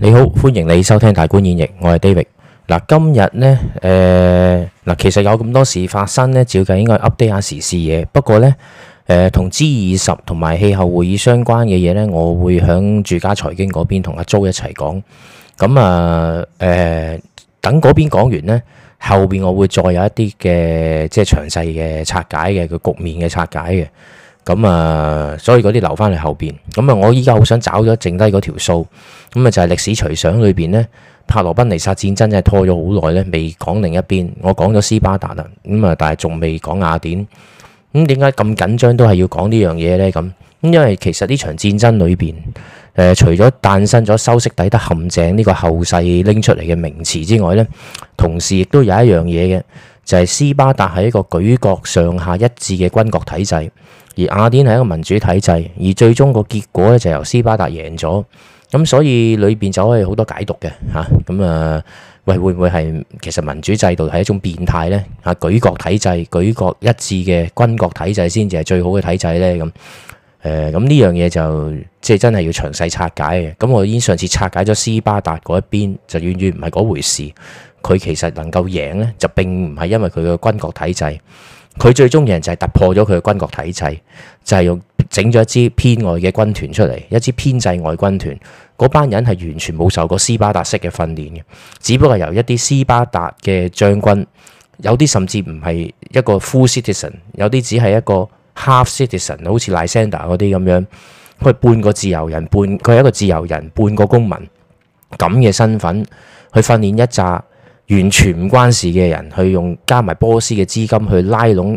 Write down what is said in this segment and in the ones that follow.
你好，歡迎你收聽大觀演繹，我係 David。嗱，今日呢，誒，嗱，其實有咁多事發生呢，照計應該 update 下時事嘢。不過呢，誒、呃，同 G 二十同埋氣候會議相關嘅嘢呢，我會響住家財經嗰邊同阿周一齊講。咁啊，誒、呃，等嗰邊講完呢，後邊我會再有一啲嘅即係詳細嘅拆解嘅個局面嘅拆解嘅。咁啊、嗯，所以嗰啲留翻嚟後邊。咁、嗯、啊，我依家好想找咗剩低嗰條數。咁、嗯、啊，就係、是、歷史隨想裏邊呢，帕羅賓尼薩戰爭真係拖咗好耐咧，未講另一邊。我講咗斯巴達啦，咁、嗯、啊，但係仲未講雅典。咁點解咁緊張都係要講呢樣嘢呢？咁，因為其實呢場戰爭裏邊，誒、呃，除咗誕生咗修昔底德陷阱呢個後世拎出嚟嘅名詞之外呢，同時亦都有一樣嘢嘅。就係斯巴達係一個舉國上下一致嘅軍國體制，而雅典係一個民主體制，而最終個結果咧就由斯巴達贏咗，咁、嗯、所以裏邊就可以好多解讀嘅嚇，咁啊、啊喂會唔會係其實民主制度係一種變態呢？嚇、啊、舉國體制、舉國一致嘅軍國體制先至係最好嘅體制呢？咁、啊，誒咁呢樣嘢就即係、就是、真係要詳細拆解嘅。咁、啊、我已經上次拆解咗斯巴達嗰一邊，就遠遠唔係嗰回事。佢其實能夠贏呢，就並唔係因為佢嘅軍國體制。佢最終贏就係突破咗佢嘅軍國體制，就係、是、用整咗一支編外嘅軍團出嚟，一支編制外軍團。嗰班人係完全冇受過斯巴達式嘅訓練嘅，只不過由一啲斯巴達嘅將軍，有啲甚至唔係一個 full citizen，有啲只係一個 half citizen，好似 Lysander 嗰啲咁樣，佢係半個自由人，半佢係一個自由人，半個公民咁嘅身份去訓練一紮。完全唔關事嘅人，去用加埋波斯嘅資金去拉攏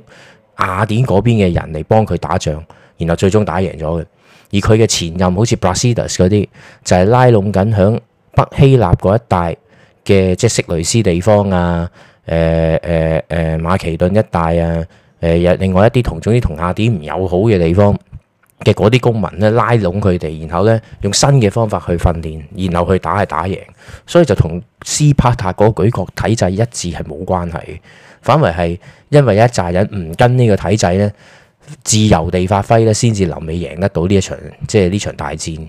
雅典嗰邊嘅人嚟幫佢打仗，然後最終打贏咗嘅。而佢嘅前任好似 Brasidas 嗰啲，就係、是、拉攏緊響北希臘嗰一帶嘅即係色雷斯地方啊，誒誒誒馬其頓一帶啊，誒、呃、另外一啲同總之同雅典唔友好嘅地方。嘅嗰啲公民咧，拉攏佢哋，然後咧用新嘅方法去訓練，然後去打係打贏，所以就同斯巴達嗰個舉國體制一致係冇關係，反為係因為一紮人唔跟呢個體制咧，自由地發揮咧，先至臨尾贏得到呢一場即係呢場大戰。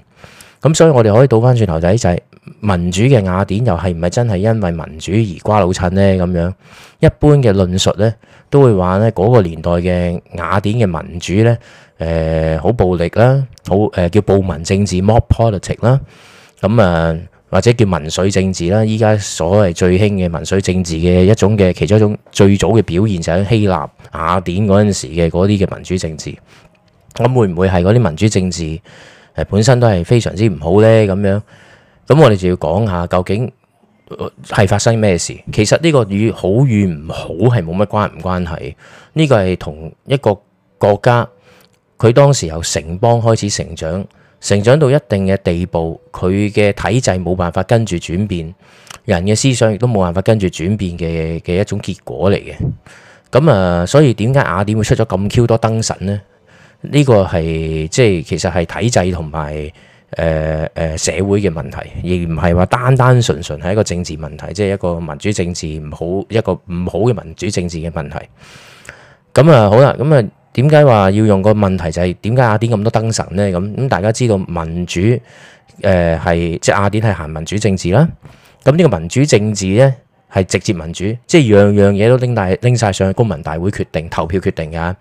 咁所以，我哋可以倒翻轉頭睇就係、是、民主嘅雅典又係唔係真係因為民主而瓜老襯呢？咁樣一般嘅論述呢，都會話呢嗰個年代嘅雅典嘅民主呢，誒、呃、好暴力啦，好誒、呃、叫暴民政治 （mob politics） 啦、啊，咁誒或者叫民粹政治啦。依家所謂最興嘅民粹政治嘅一種嘅其中一種最早嘅表現就喺希臘雅典嗰陣時嘅嗰啲嘅民主政治，咁會唔會係嗰啲民主政治？誒，本身都係非常之唔好咧，咁樣，咁我哋就要講下究竟係發生咩事。其實呢個與好與唔好係冇乜關唔關係，呢個係同一個國家，佢當時由城邦開始成長，成長到一定嘅地步，佢嘅體制冇辦法跟住轉變，人嘅思想亦都冇辦法跟住轉變嘅嘅一種結果嚟嘅。咁啊，所以點解雅典會出咗咁 Q 多燈神呢？呢個係即係其實係體制同埋誒誒社會嘅問題，而唔係話單單純純係一個政治問題，即係一個民主政治唔好，一個唔好嘅民主政治嘅問題。咁、嗯、啊，好啦，咁、嗯、啊，點解話要用個問題，就係點解雅典咁多燈神呢？咁、嗯、咁大家知道民主誒係、呃、即係雅典係行民主政治啦。咁呢個民主政治呢？係直接民主，即係樣樣嘢都拎大拎曬上去公民大會決定、投票決定嘅。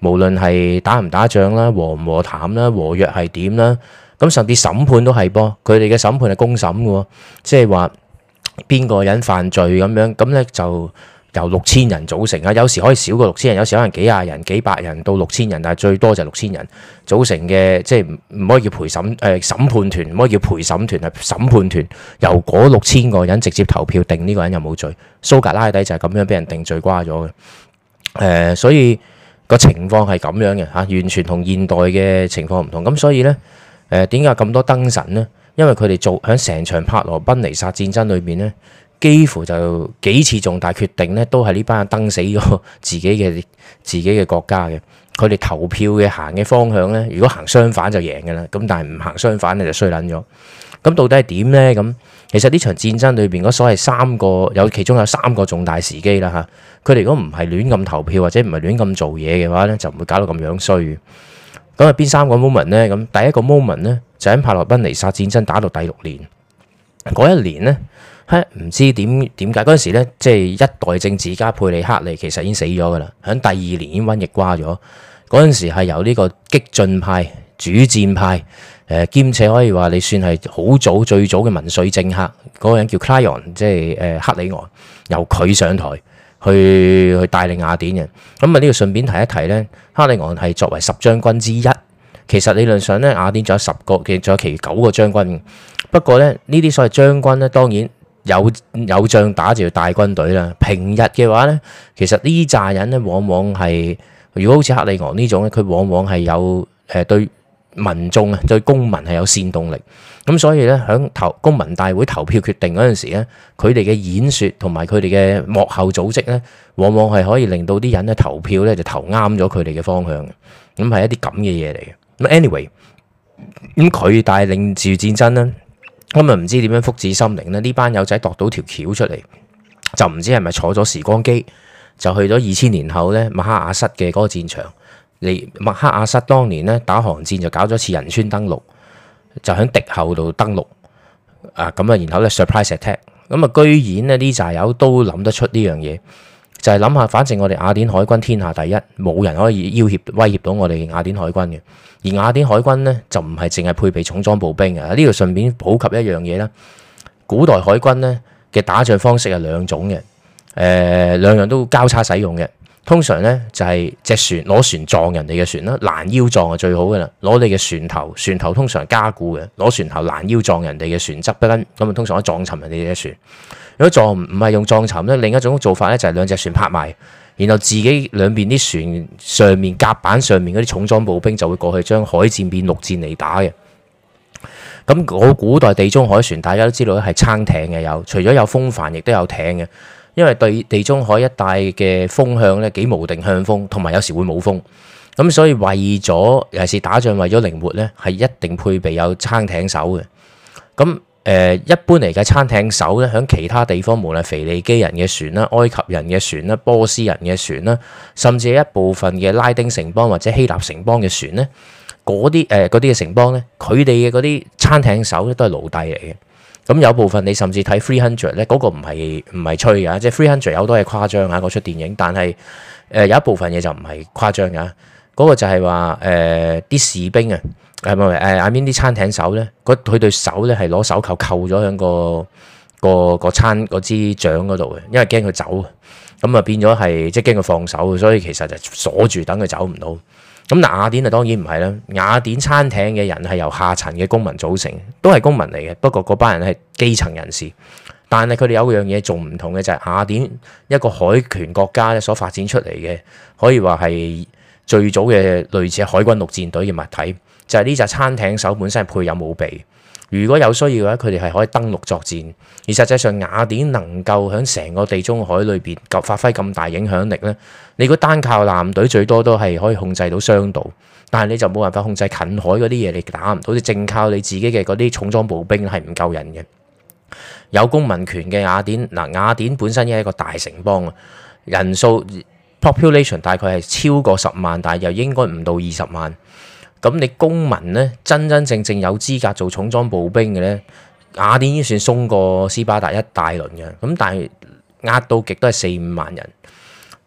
無論係打唔打仗啦、和唔和談啦、和約係點啦，咁甚至審判都係噃，佢哋嘅審判係公審嘅喎，即係話邊個人犯罪咁樣，咁咧就，由六千人組成啊，有時可以少過六千人，有時可能幾廿人、幾百人到六千人，但係最多就係六千人組成嘅，即係唔可以叫陪審誒，呃，審判團唔可以叫陪審團係審判團，由嗰六千個人直接投票定呢個人有冇罪。蘇格拉底就係咁樣俾人定罪瓜咗嘅，誒、呃，所以個情況係咁樣嘅吓、呃，完全同現代嘅情況唔同。咁所以呢，誒、呃，點解咁多燈神呢？因為佢哋做喺成場帕羅賓尼薩戰爭裏面呢。幾乎就幾次重大決定咧，都係呢班人登死咗自己嘅自己嘅國家嘅佢哋投票嘅行嘅方向咧。如果行相反就贏㗎啦，咁但係唔行相反你就衰撚咗。咁到底係點呢？咁其實呢場戰爭裏邊嗰所謂三個有其中有三個重大時機啦，嚇佢哋如果唔係亂咁投票或者唔係亂咁做嘢嘅話呢，就唔會搞到咁樣衰。咁係邊三個 moment 呢？咁第一個 moment 呢，就喺帕洛賓尼薩戰爭打到第六年嗰一年呢。唔、哎、知點點解嗰陣時咧，即、就、係、是、一代政治家佩里克利其實已經死咗噶啦，響第二年已經瘟疫瓜咗。嗰陣時係由呢個激進派主戰派，誒、呃、兼且可以話你算係好早最早嘅民粹政客，嗰、那個人叫 Clayon，即係誒克里昂，由佢上台去去帶領雅典嘅。咁啊，呢度，順便提一提咧，克里昂係作為十將軍之一，其實理論上咧雅典仲有十個嘅，仲有其餘九個將軍。不過咧呢啲所謂將軍咧，當然。有有仗打就要帶軍隊啦。平日嘅話呢，其實呢扎人呢往往係如果好似克里昂呢種呢，佢往往係有誒、呃、對民眾啊、對公民係有煽動力。咁所以呢，喺投公民大會投票決定嗰陣時咧，佢哋嘅演説同埋佢哋嘅幕後組織呢，往往係可以令到啲人咧投票呢就投啱咗佢哋嘅方向。咁係一啲咁嘅嘢嚟嘅。咁 anyway，咁佢帶領住戰爭呢。咁啊，唔知點樣福至心靈咧，呢班友仔度到條橋出嚟，就唔知係咪坐咗時光機，就去咗二千年後咧，麥克阿瑟嘅嗰個戰場。嚟麥克阿瑟當年咧打韓戰，就搞咗次仁川登陸，就喺敵後度登陸。啊，咁啊，然後咧 surprise attack，咁啊，居然呢呢紮友都諗得出呢樣嘢。就係諗下，反正我哋雅典海軍天下第一，冇人可以要挾威脅到我哋雅典海軍嘅。而雅典海軍呢，就唔係淨係配備重裝步兵嘅。呢度順便普及一樣嘢啦。古代海軍呢嘅打仗方式係兩種嘅，誒、呃、兩樣都交叉使用嘅。通常呢，就係、是、隻船攞船撞人哋嘅船啦，攔腰撞係最好嘅啦。攞你嘅船頭，船頭通常加固嘅，攞船頭攔腰撞人哋嘅船側，不跟咁啊，通常可以撞沉人哋嘅船。如果撞唔唔係用撞沉呢，另一種做法呢就係兩隻船拍埋，然後自己兩邊啲船上面甲板上面嗰啲重裝步兵就會過去，將海戰變陸戰嚟打嘅。咁我古代地中海船大家都知道咧係撐艇嘅，有除咗有風帆，亦都有艇嘅。因為對地中海一帶嘅風向呢幾無定向風，同埋有，有時會冇風，咁所以為咗尤其是打仗為咗靈活呢，係一定配備有撐艇手嘅。咁誒一般嚟嘅餐廳手咧，喺其他地方無論腓尼基人嘅船啦、埃及人嘅船啦、波斯人嘅船啦，甚至係一部分嘅拉丁城邦或者希臘城邦嘅船咧，嗰啲誒啲嘅城邦咧，佢哋嘅嗰啲餐廳手咧都係奴隸嚟嘅。咁有部分你甚至睇 Three Hundred 咧，嗰個唔係唔係吹㗎，即係 Three Hundred 有好多係誇張啊，嗰出電影。但係誒、呃、有一部分嘢就唔係誇張㗎，嗰、嗰個就係話誒啲士兵啊。係咪？誒亞邊啲餐艇手咧，佢對手咧係攞手扣扣咗喺、嗰個個個餐嗰支槳嗰度嘅，因為驚佢走啊。咁啊變咗係即係驚佢放手，所以其實就鎖住等佢走唔到。咁、嗯啊、雅典啊當然唔係啦。雅典餐艇嘅人係由下層嘅公民組成，都係公民嚟嘅。不過嗰班人係基層人士，但係佢哋有樣嘢仲唔同嘅就係、是、雅典一個海權國家咧所發展出嚟嘅，可以話係最早嘅類似海軍陸戰隊嘅物體。就係呢隻餐艇手本身係配有武備，如果有需要嘅話，佢哋係可以登陸作戰。而實際上，雅典能夠喺成個地中海裏邊發揮咁大影響力咧，你如果單靠艦隊，最多都係可以控制到商道，但係你就冇辦法控制近海嗰啲嘢，你打唔到。你似淨靠你自己嘅嗰啲重裝步兵係唔夠人嘅。有公民權嘅雅典。嗱，雅典本身係一個大城邦啊，人數 population 大概係超過十萬，但係又應該唔到二十萬。咁你公民咧，真真正正有資格做重裝步兵嘅咧，雅典已經算鬆過斯巴達一大輪嘅。咁但係壓到極都係四五萬人，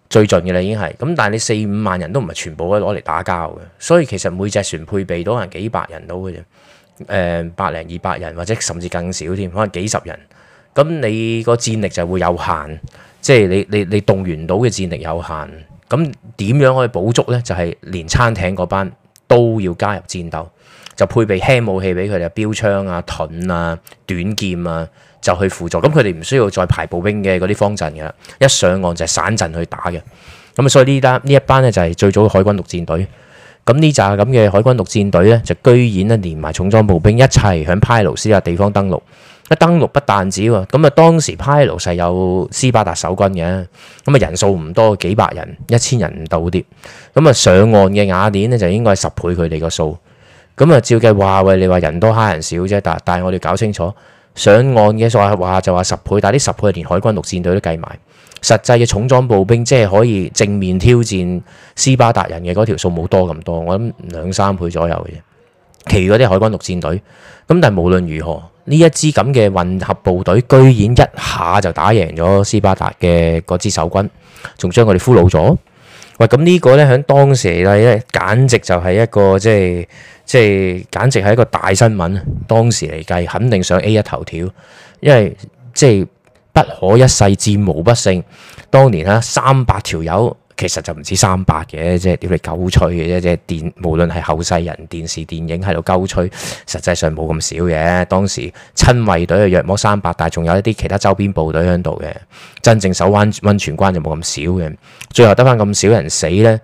最盡嘅啦已經係。咁但係你四五萬人都唔係全部攞嚟打交嘅，所以其實每隻船配備都可能幾百人到嘅啫，誒百零二百人或者甚至更少添，可能幾十人。咁你個戰力就會有限，即係你你你動員到嘅戰力有限。咁點樣可以補足咧？就係連餐廳嗰班，都要加入戰鬥，就配備輕武器俾佢哋，標槍啊、盾啊、短劍啊，就去輔助。咁佢哋唔需要再排步兵嘅嗰啲方陣㗎喇，一上岸就係散陣去打嘅。咁啊，所以呢單呢一班呢就係最早嘅海軍陸戰隊。咁呢扎咁嘅海軍陸戰隊呢，就居然咧連埋重裝步兵一齊響派魯斯嘅地方登陸。登陸不但止喎，咁啊當時 Pylos 係有斯巴達守軍嘅，咁啊人數唔多，幾百人、一千人唔到啲，咁啊上岸嘅雅典呢，就應該係十倍佢哋個數，咁啊照計話喂，你話人多蝦人少啫，但但係我哋搞清楚上岸嘅數話就話十倍，但係啲十倍連海軍陸戰隊都計埋，實際嘅重裝步兵即係可以正面挑戰斯巴達人嘅嗰條數冇多咁多，我諗兩三倍左右嘅啫，其餘嗰啲海軍陸戰隊，咁但係無論如何。呢一支咁嘅混合部隊，居然一下就打贏咗斯巴達嘅嗰支守軍，仲將佢哋俘虜咗。喂，咁呢個呢，喺當時嚟睇呢，簡直就係一個即係即係，簡直係一個大新聞。當時嚟計，肯定上 A 一頭條，因為即係不可一世、戰無不勝。當年啊，三百條友。其實就唔止三百嘅，即係叫你鳩吹嘅，即係電，無論係後世人電視電影喺度鳩吹，實際上冇咁少嘅。當時親衛隊約摸三百，但係仲有一啲其他周邊部隊喺度嘅，真正守灣温泉關就冇咁少嘅。最後得返咁少人死呢，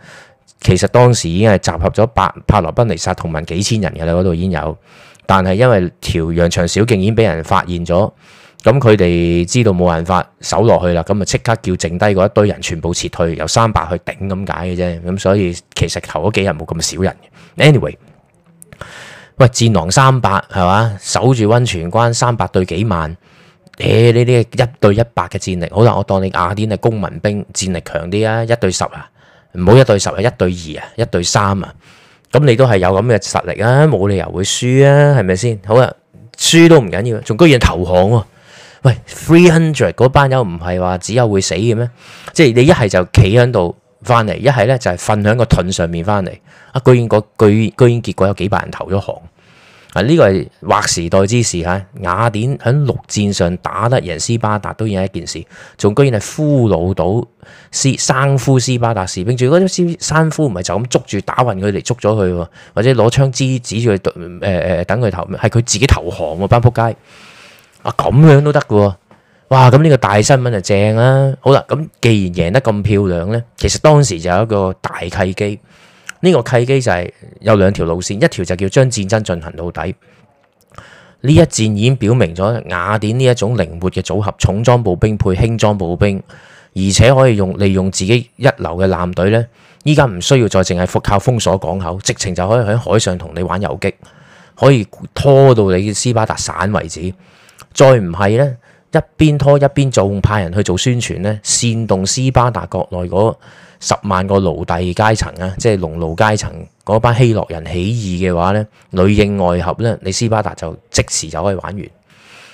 其實當時已經係集合咗百帕羅賓尼撒同埋幾千人嘅啦，嗰度已經有，但係因為條羊腸小徑已經俾人發現咗。咁佢哋知道冇辦法守落去啦，咁啊即刻叫剩低嗰一堆人全部撤退，由三百去頂咁解嘅啫。咁所以其實頭嗰幾日冇咁少人。Anyway，喂，戰狼三百係嘛？守住温泉關，三百對幾萬，誒呢啲一對一百嘅戰力，好啦，我當你雅典嘅公民兵戰力強啲啊，一對十啊，唔好一對十啊，一對二啊，一對三啊，咁你都係有咁嘅實力啊，冇理由會輸啊，係咪先？好啦，輸都唔緊要，仲居然投降喎，啊！喂，three hundred 嗰班友唔係話只有會死嘅咩？即係你一係就企喺度翻嚟，一係咧就係瞓喺個盾上面翻嚟。啊，居然個居然,居然結果有幾百人投咗降。啊，呢個係劃時代之事吓、啊。雅典喺陸戰上打得贏斯巴達都已係一件事，仲居然係俘虜到斯生夫斯巴達士兵，並住嗰啲生夫唔係就咁捉住打暈佢哋捉咗佢，或者攞槍支指住佢，誒、呃、誒等佢投，係佢自己投降喎班扑街。啊，咁樣都得嘅喎，哇！咁呢個大新聞就正啦。好啦，咁既然贏得咁漂亮呢，其實當時就有一個大契機。呢個契機就係有兩條路線，一條就叫將戰爭進行到底。呢一戰已經表明咗雅典呢一種靈活嘅組合，重裝步兵配輕裝步兵，而且可以用利用自己一流嘅艦隊呢，依家唔需要再淨係復靠封鎖港口，直情就可以喺海上同你玩遊擊，可以拖到你斯巴達散為止。再唔係呢，一邊拖一邊仲，派人去做宣傳咧，煽動斯巴達國內嗰十萬個奴隸階層啊，即係農奴階層嗰班希洛人起義嘅話呢，內應外合呢，你斯巴達就即時就可以玩完。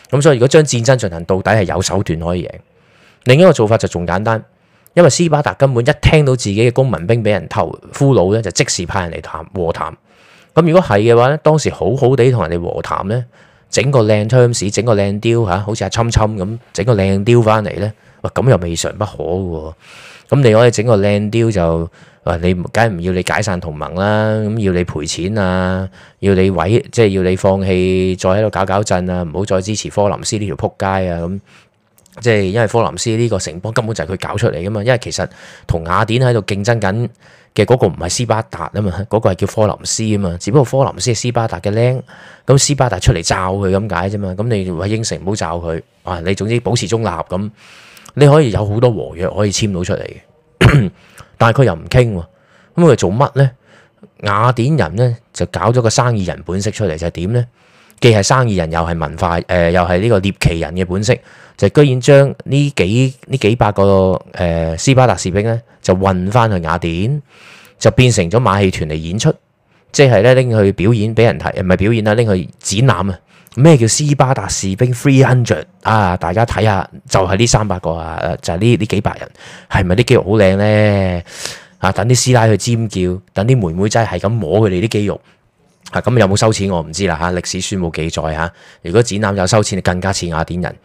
咁所以如果將戰爭進行到底係有手段可以贏。另一個做法就仲簡單，因為斯巴達根本一聽到自己嘅公民兵俾人偷俘虜呢，就即時派人嚟談和談。咁如果係嘅話呢，當時好好地同人哋和談呢。整個靚 terms 整個靚 deal 嚇，好似阿侵侵咁整個靚 deal 翻嚟咧，哇咁又未嘗不可喎。咁、嗯、你可以整個靚 deal 就，哇、啊、你梗係唔要你解散同盟啦，咁要你賠錢啊，要你毀即係要你放棄再喺度搞搞震啊，唔好再支持科林斯呢條撲街啊咁。即係因為科林斯呢個城邦根本就係佢搞出嚟噶嘛，因為其實同雅典喺度競爭緊。嘅嗰個唔係斯巴達啊嘛，嗰、嗰個係叫科林斯啊嘛，只不過科林斯係斯巴達嘅靚，咁斯巴達出嚟罩佢咁解啫嘛，咁你話應承唔好罩佢啊，你總之保持中立咁，你可以有好多和約可以簽到出嚟嘅， 但係佢又唔傾，咁佢做乜呢？雅典人呢就搞咗個生意人本色出嚟，就點、係、呢？既係生意人，又係文化誒、呃，又係呢個獵奇人嘅本色。就居然將呢幾呢幾百個誒、呃、斯巴達士兵咧，就運翻去雅典，就變成咗馬戲團嚟演出，即係咧拎去表演俾人睇，唔係表演啦，拎去展覽啊！咩叫斯巴達士兵 three hundred 啊？大家睇下，就係呢三百個啊，就係呢呢幾百人，係咪啲肌肉好靚咧？啊，等啲師奶去尖叫，等啲妹妹仔係咁摸佢哋啲肌肉啊！咁有冇收錢我唔知啦嚇、啊，歷史書冇記載嚇、啊。如果展覽有收錢，你更加似雅典人。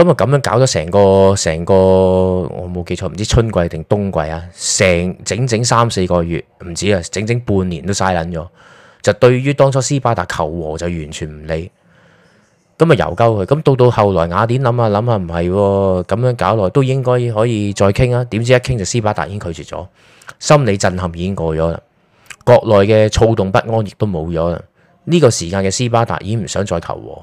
咁啊，咁樣搞咗成個成個，我冇記錯，唔知春季定冬季啊，成整，整整三四個月，唔止啊，整整半年都嘥捻咗。就對於當初斯巴達求和就完全唔理，咁啊由鳩佢。咁到到後來雅典諗、啊、下諗下，唔係喎，咁樣搞落都應該可以再傾啊。點知一傾就斯巴達已經拒絕咗，心理震撼已經過咗啦，國內嘅躁動不安亦都冇咗啦。呢、這個時間嘅斯巴達已經唔想再求和。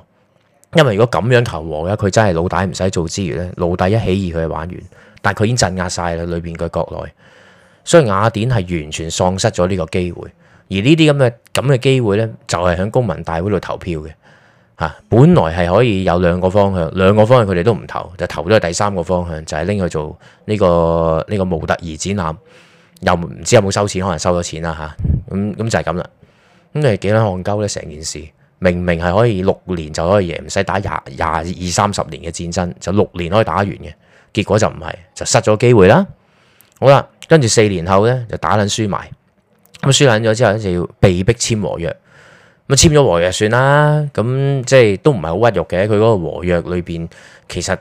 因為如果咁樣求和咧，佢真係老大唔使做之餘咧，老大一起義佢係玩完，但係佢已經鎮壓晒啦，裏邊嘅國內，所以雅典係完全喪失咗呢個機會。而呢啲咁嘅咁嘅機會咧，就係喺公民大會度投票嘅吓、啊，本來係可以有兩個方向，兩個方向佢哋都唔投，就投咗去第三個方向，就係、是、拎去做呢、這個呢、這個模特兒展覽，又唔知有冇收錢，可能收咗錢啦吓，咁、啊、咁、啊、就係咁啦，咁你幾多戇鳩咧成件事？明明係可以六年就可以贏，唔使打廿廿二三十年嘅戰爭，就六年可以打完嘅，結果就唔係，就失咗機會啦。好啦，跟住四年後呢，就打撚輸埋，咁啊輸撚咗之後呢就要被逼簽和約，咁啊簽咗和約算啦，咁即係都唔係好屈辱嘅。佢嗰個和約裏邊其實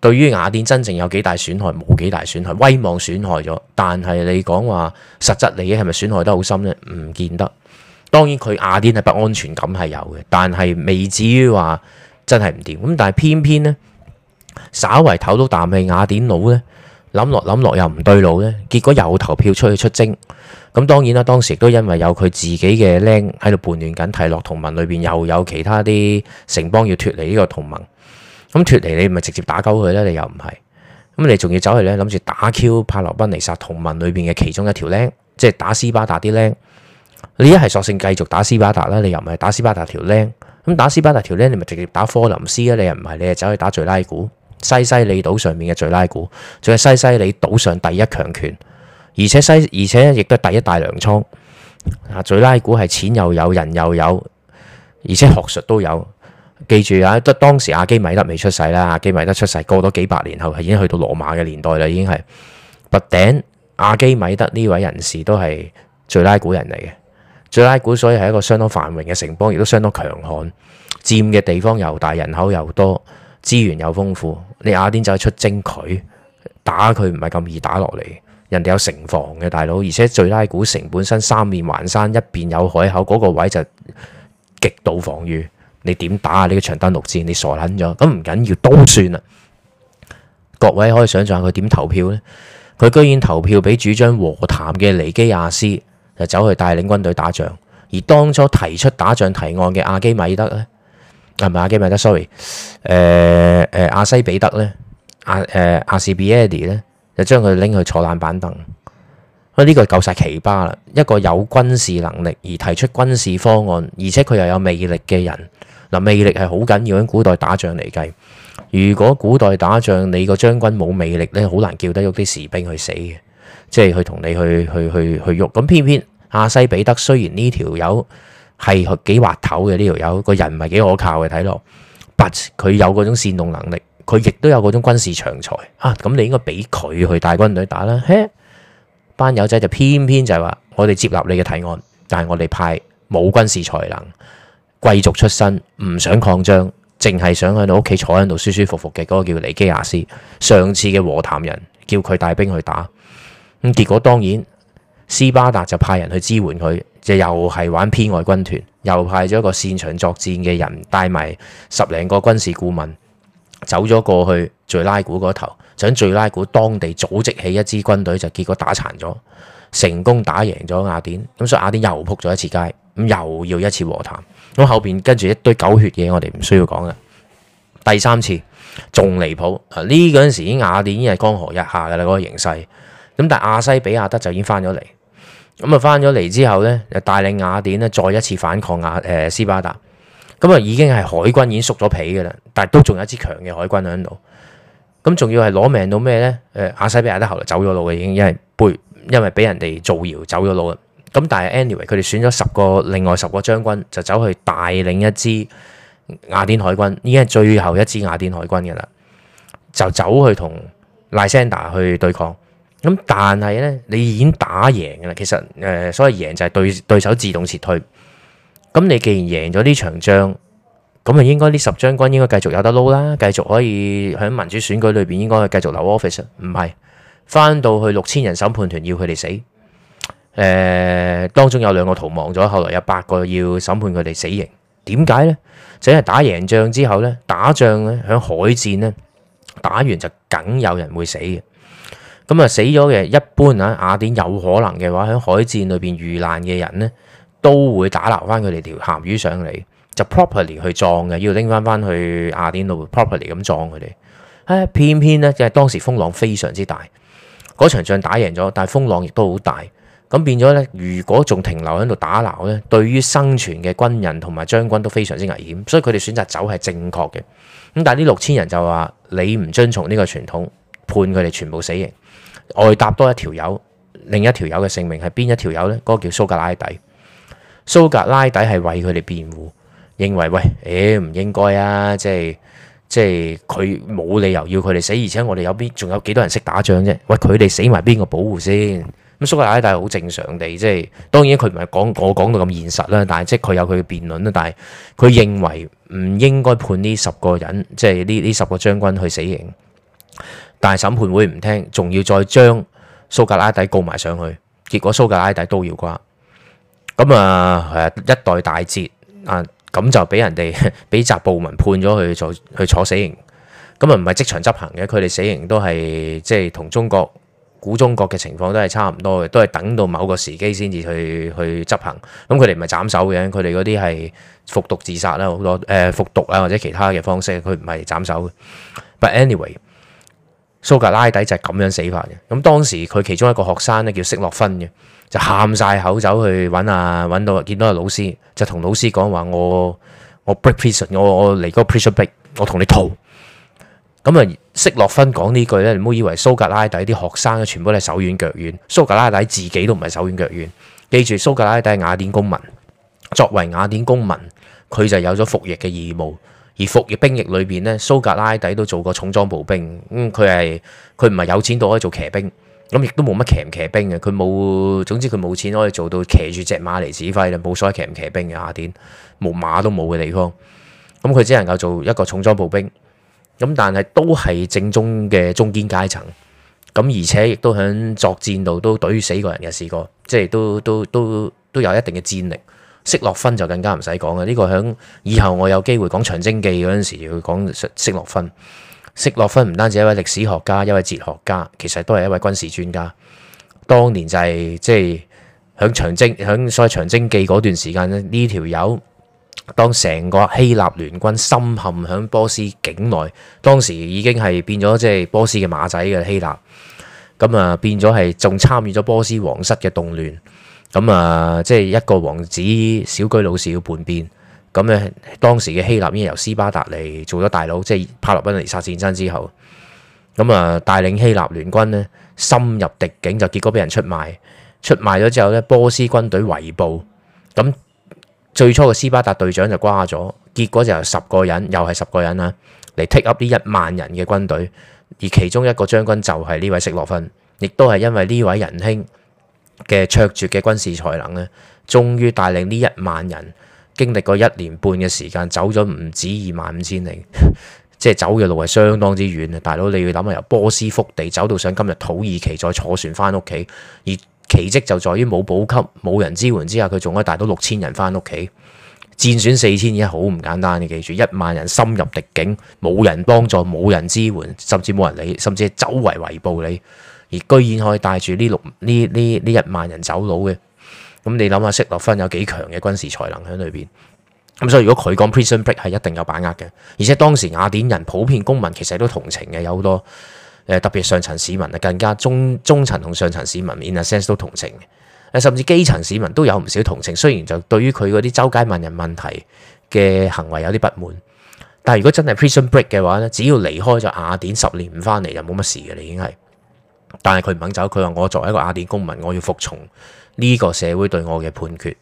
對於雅典真正有幾大損害冇幾大損害？威望損害咗，但係你講話實質利益係咪損害得好深呢？唔見得。當然佢雅典係不安全感係有嘅，但係未至於話真係唔掂。咁但係偏偏呢，稍微唞到啖氣，雅典佬呢，諗落諗落又唔對路呢，結果又投票出去出征。咁當然啦，當時都因為有佢自己嘅僆喺度叛亂緊，提洛同盟裏邊又有其他啲城邦要脱離呢個同盟。咁脱離你咪直接打鳩佢呢？你又唔係。咁你仲要走去呢，諗住打 Q 帕洛賓尼薩同盟裏邊嘅其中一條僆，即係打斯巴達啲僆。你一係索性繼續打斯巴達啦，你又唔係打斯巴達條僆，咁打斯巴達條僆，你咪直接打科林斯啊。你又唔係，你又走去打敍拉古，西西里島上面嘅敍拉古，仲係西西里島上第一強權，而且西而且亦都係第一大糧倉啊。敍拉古係錢又有人，人又有，而且學術都有。記住啊，得當時阿基米德未出世啦，阿基米德出世過咗幾百年後，係已經去到羅馬嘅年代啦，已經係拔頂。阿基米德呢位人士都係敍拉古人嚟嘅。敘拉古所以係一個相當繁榮嘅城邦，亦都相當強悍，佔嘅地方又大，人口又多，資源又豐富。你雅典就係出征佢，打佢唔係咁易打落嚟，人哋有城防嘅大佬，而且敘拉古城本身三面環山，一邊有海口，嗰個位就極度防禦，你點打啊？呢個長登陸戰，你傻捻咗？咁唔緊要，都算啦。各位可以想象佢點投票呢？佢居然投票俾主張和談嘅尼基亞斯。就走去帶領軍隊打仗，而當初提出打仗提案嘅阿基米德呢？係咪阿基米德？Sorry，誒、呃、誒，亞、呃、西比德呢？亞誒亞西比亞迪呢？就將佢拎去坐爛板凳。呢、啊呢個夠晒奇葩啦！一個有軍事能力而提出軍事方案，而且佢又有魅力嘅人，嗱、呃、魅力係好緊要喺古代打仗嚟計。如果古代打仗，你個將軍冇魅力咧，好難叫得喐啲士兵去死嘅。即係去同你去去去去喐，咁偏偏阿西比德雖然呢條友係幾滑頭嘅，呢條友，個人唔係幾可靠嘅睇落，but 佢有嗰種煽動能力，佢亦都有嗰種軍事長才啊。咁你應該俾佢去帶軍隊打啦。嘿班友仔就偏偏就係話，我哋接納你嘅提案，但係我哋派冇軍事才能、貴族出身、唔想擴張、淨係想喺你屋企坐喺度舒舒服服嘅，嗰、嗰個叫尼基亞斯，上次嘅和談人叫佢帶兵去打。咁結果當然斯巴達就派人去支援佢，就又係玩偏外軍團，又派咗一個擅長作戰嘅人帶埋十零個軍事顧問走咗過去敍拉古嗰頭，想敍拉古當地組織起一支軍隊，就結果打殘咗，成功打贏咗雅典。咁所以雅典又撲咗一次街，咁又要一次和談。咁後邊跟住一堆狗血嘢，我哋唔需要講啦。第三次仲離譜啊！呢嗰陣時已經雅典已經係江河日下㗎啦，嗰、嗰個形勢。咁但係亞西比亞德就已經翻咗嚟，咁啊，翻咗嚟之後咧，就帶領雅典咧再一次反抗亞誒斯巴達，咁啊，已經係海軍已經縮咗皮噶啦，但係都仲有一支強嘅海軍喺度。咁仲要係攞命到咩咧？誒，亞西比亞德後來走咗佬嘅，已經因為背因為俾人哋造謠走咗佬啦。咁但係 anyway，佢哋選咗十個另外十個將軍就走去帶領一支雅典海軍，已經係最後一支雅典海軍噶啦，就走去同萊山德去對抗。咁但係呢，你已經打贏㗎喇。其實誒，所謂贏就係對對手自動撤退。咁你既然贏咗呢場仗，咁啊應該呢十將軍應該繼續有得撈啦，繼續可以喺民主選舉裏邊應該去繼續留 office。唔係，返到去六千人審判團要佢哋死。誒、呃，當中有兩個逃亡咗，後來有八個要審判佢哋死刑。點解呢？就係、是、打贏仗之後呢，打仗呢，喺海戰呢，打完就梗有人會死嘅。咁啊，死咗嘅一般啊，雅典有可能嘅話，喺海戰裏邊遇難嘅人呢，都會打撈翻佢哋條鹹魚上嚟，就 properly 去葬嘅，要拎翻翻去雅典度 properly 咁葬佢哋。唉，偏偏呢，就係當時風浪非常之大，嗰場仗打贏咗，但係風浪亦都好大，咁變咗呢，如果仲停留喺度打撈呢，對於生存嘅軍人同埋將軍都非常之危險，所以佢哋選擇走係正確嘅。咁但係呢，六千人就話：你唔遵從呢個傳統，判佢哋全部死刑。外搭多一條友，另一條友嘅姓名係邊一條友呢？嗰個叫蘇格拉底，蘇格拉底係為佢哋辯護，認為喂，誒唔應該啊！即係即係佢冇理由要佢哋死，而且我哋有邊仲有幾多人識打仗啫？喂，佢哋死埋邊個保護先？咁蘇格拉底好正常地，即係當然佢唔係講我講到咁現實啦，但係即係佢有佢嘅辯論啦。但係佢認為唔應該判呢十個人，即係呢呢十個將軍去死刑。但係審判會唔聽，仲要再將蘇格拉底告埋上去，結果蘇格拉底都要瓜。咁啊，係一代大哲啊，咁就俾人哋俾集暴民判咗去坐去坐死刑。咁啊，唔係即場執行嘅，佢哋死刑都係即係同中國古中國嘅情況都係差唔多嘅，都係等到某個時機先至去去執行。咁佢哋唔係斬首嘅，佢哋嗰啲係服毒自殺啦，好多誒服毒啊或者其他嘅方式，佢唔係斬首嘅。But anyway。蘇格拉底就係咁樣死法嘅，咁當時佢其中一個學生咧叫色諾芬嘅，就喊晒口走去揾啊揾到見到個老師，就同老師講話我我 break prison，我我嚟個 prison break，我同你逃。咁啊，色諾芬講呢句咧，你唔好以為蘇格拉底啲學生全部都係手軟腳軟，蘇格拉底自己都唔係手軟腳軟。記住，蘇格拉底係雅典公民，作為雅典公民，佢就有咗服役嘅義務。而服役兵役裏邊呢，蘇格拉底都做過重裝步兵。咁佢係佢唔係有錢到可以做騎兵，咁亦都冇乜騎唔騎兵嘅。佢冇，總之佢冇錢可以做到騎住隻馬嚟指揮嘅，冇所謂騎唔騎兵嘅雅典，冇馬都冇嘅地方。咁、嗯、佢只能夠做一個重裝步兵。咁、嗯、但係都係正宗嘅中堅階層。咁、嗯、而且亦都喺作戰度都懟死過人嘅試過，即係都都都都，都有一定嘅戰力。色諾芬就更加唔使講啦，呢個響以後我有機會講《長征記》嗰陣時要講色諾芬。色諾芬唔單止一位歷史學家，一位哲學家，其實都係一位軍事專家。當年就係即係響長征，響所謂《長征記》嗰段時間呢，呢條友當成個希臘聯軍深陷響波斯境內，當時已經係變咗即係波斯嘅馬仔嘅希臘。咁啊，變咗係仲參與咗波斯皇室嘅動亂。咁啊，即係一個王子，小居老士要叛變。咁咧，當時嘅希臘已經由斯巴達嚟做咗大佬，即係帕洛賓尼薩戰爭之後，咁啊，帶領希臘聯軍呢，深入敵境，就結果俾人出賣。出賣咗之後咧，波斯軍隊圍捕。咁最初嘅斯巴達隊長就瓜咗，結果就由十個人，又係十個人啊，嚟 take up 啲一萬人嘅軍隊。而其中一個將軍就係呢位色諾芬，亦都係因為呢位仁兄，嘅卓絕嘅軍事才能呢，終於帶領呢一萬人經歷過一年半嘅時間，走咗唔止二萬五千里， 即係走嘅路係相當之遠啊！大佬你要諗下，由波斯腹地走到上今日土耳其，再坐船翻屋企，而奇蹟就在於冇補給、冇人支援之下，佢仲可以帶到六千人翻屋企。戰損四千已經好唔簡單，你記住，一萬人深入敵境，冇人幫助、冇人支援，甚至冇人理，甚至係周圍圍捕你。而居然可以帶住呢六呢呢呢一萬人走佬嘅，咁你諗下色諾芬有幾強嘅軍事才能喺裏邊，咁所以如果佢講 prison break 係一定有把握嘅，而且當時雅典人普遍公民其實都同情嘅，有好多誒、呃、特別上層市民啊，更加中中層同上層市民 in a sense 都同情嘅，甚至基層市民都有唔少同情，雖然就對於佢嗰啲周街問人問題嘅行為有啲不滿，但係如果真係 prison break 嘅話咧，只要離開咗雅典十年唔翻嚟就冇乜事嘅，你已經係。但係佢唔肯走，佢話我作為一個雅典公民，我要服從呢個社會對我嘅判決。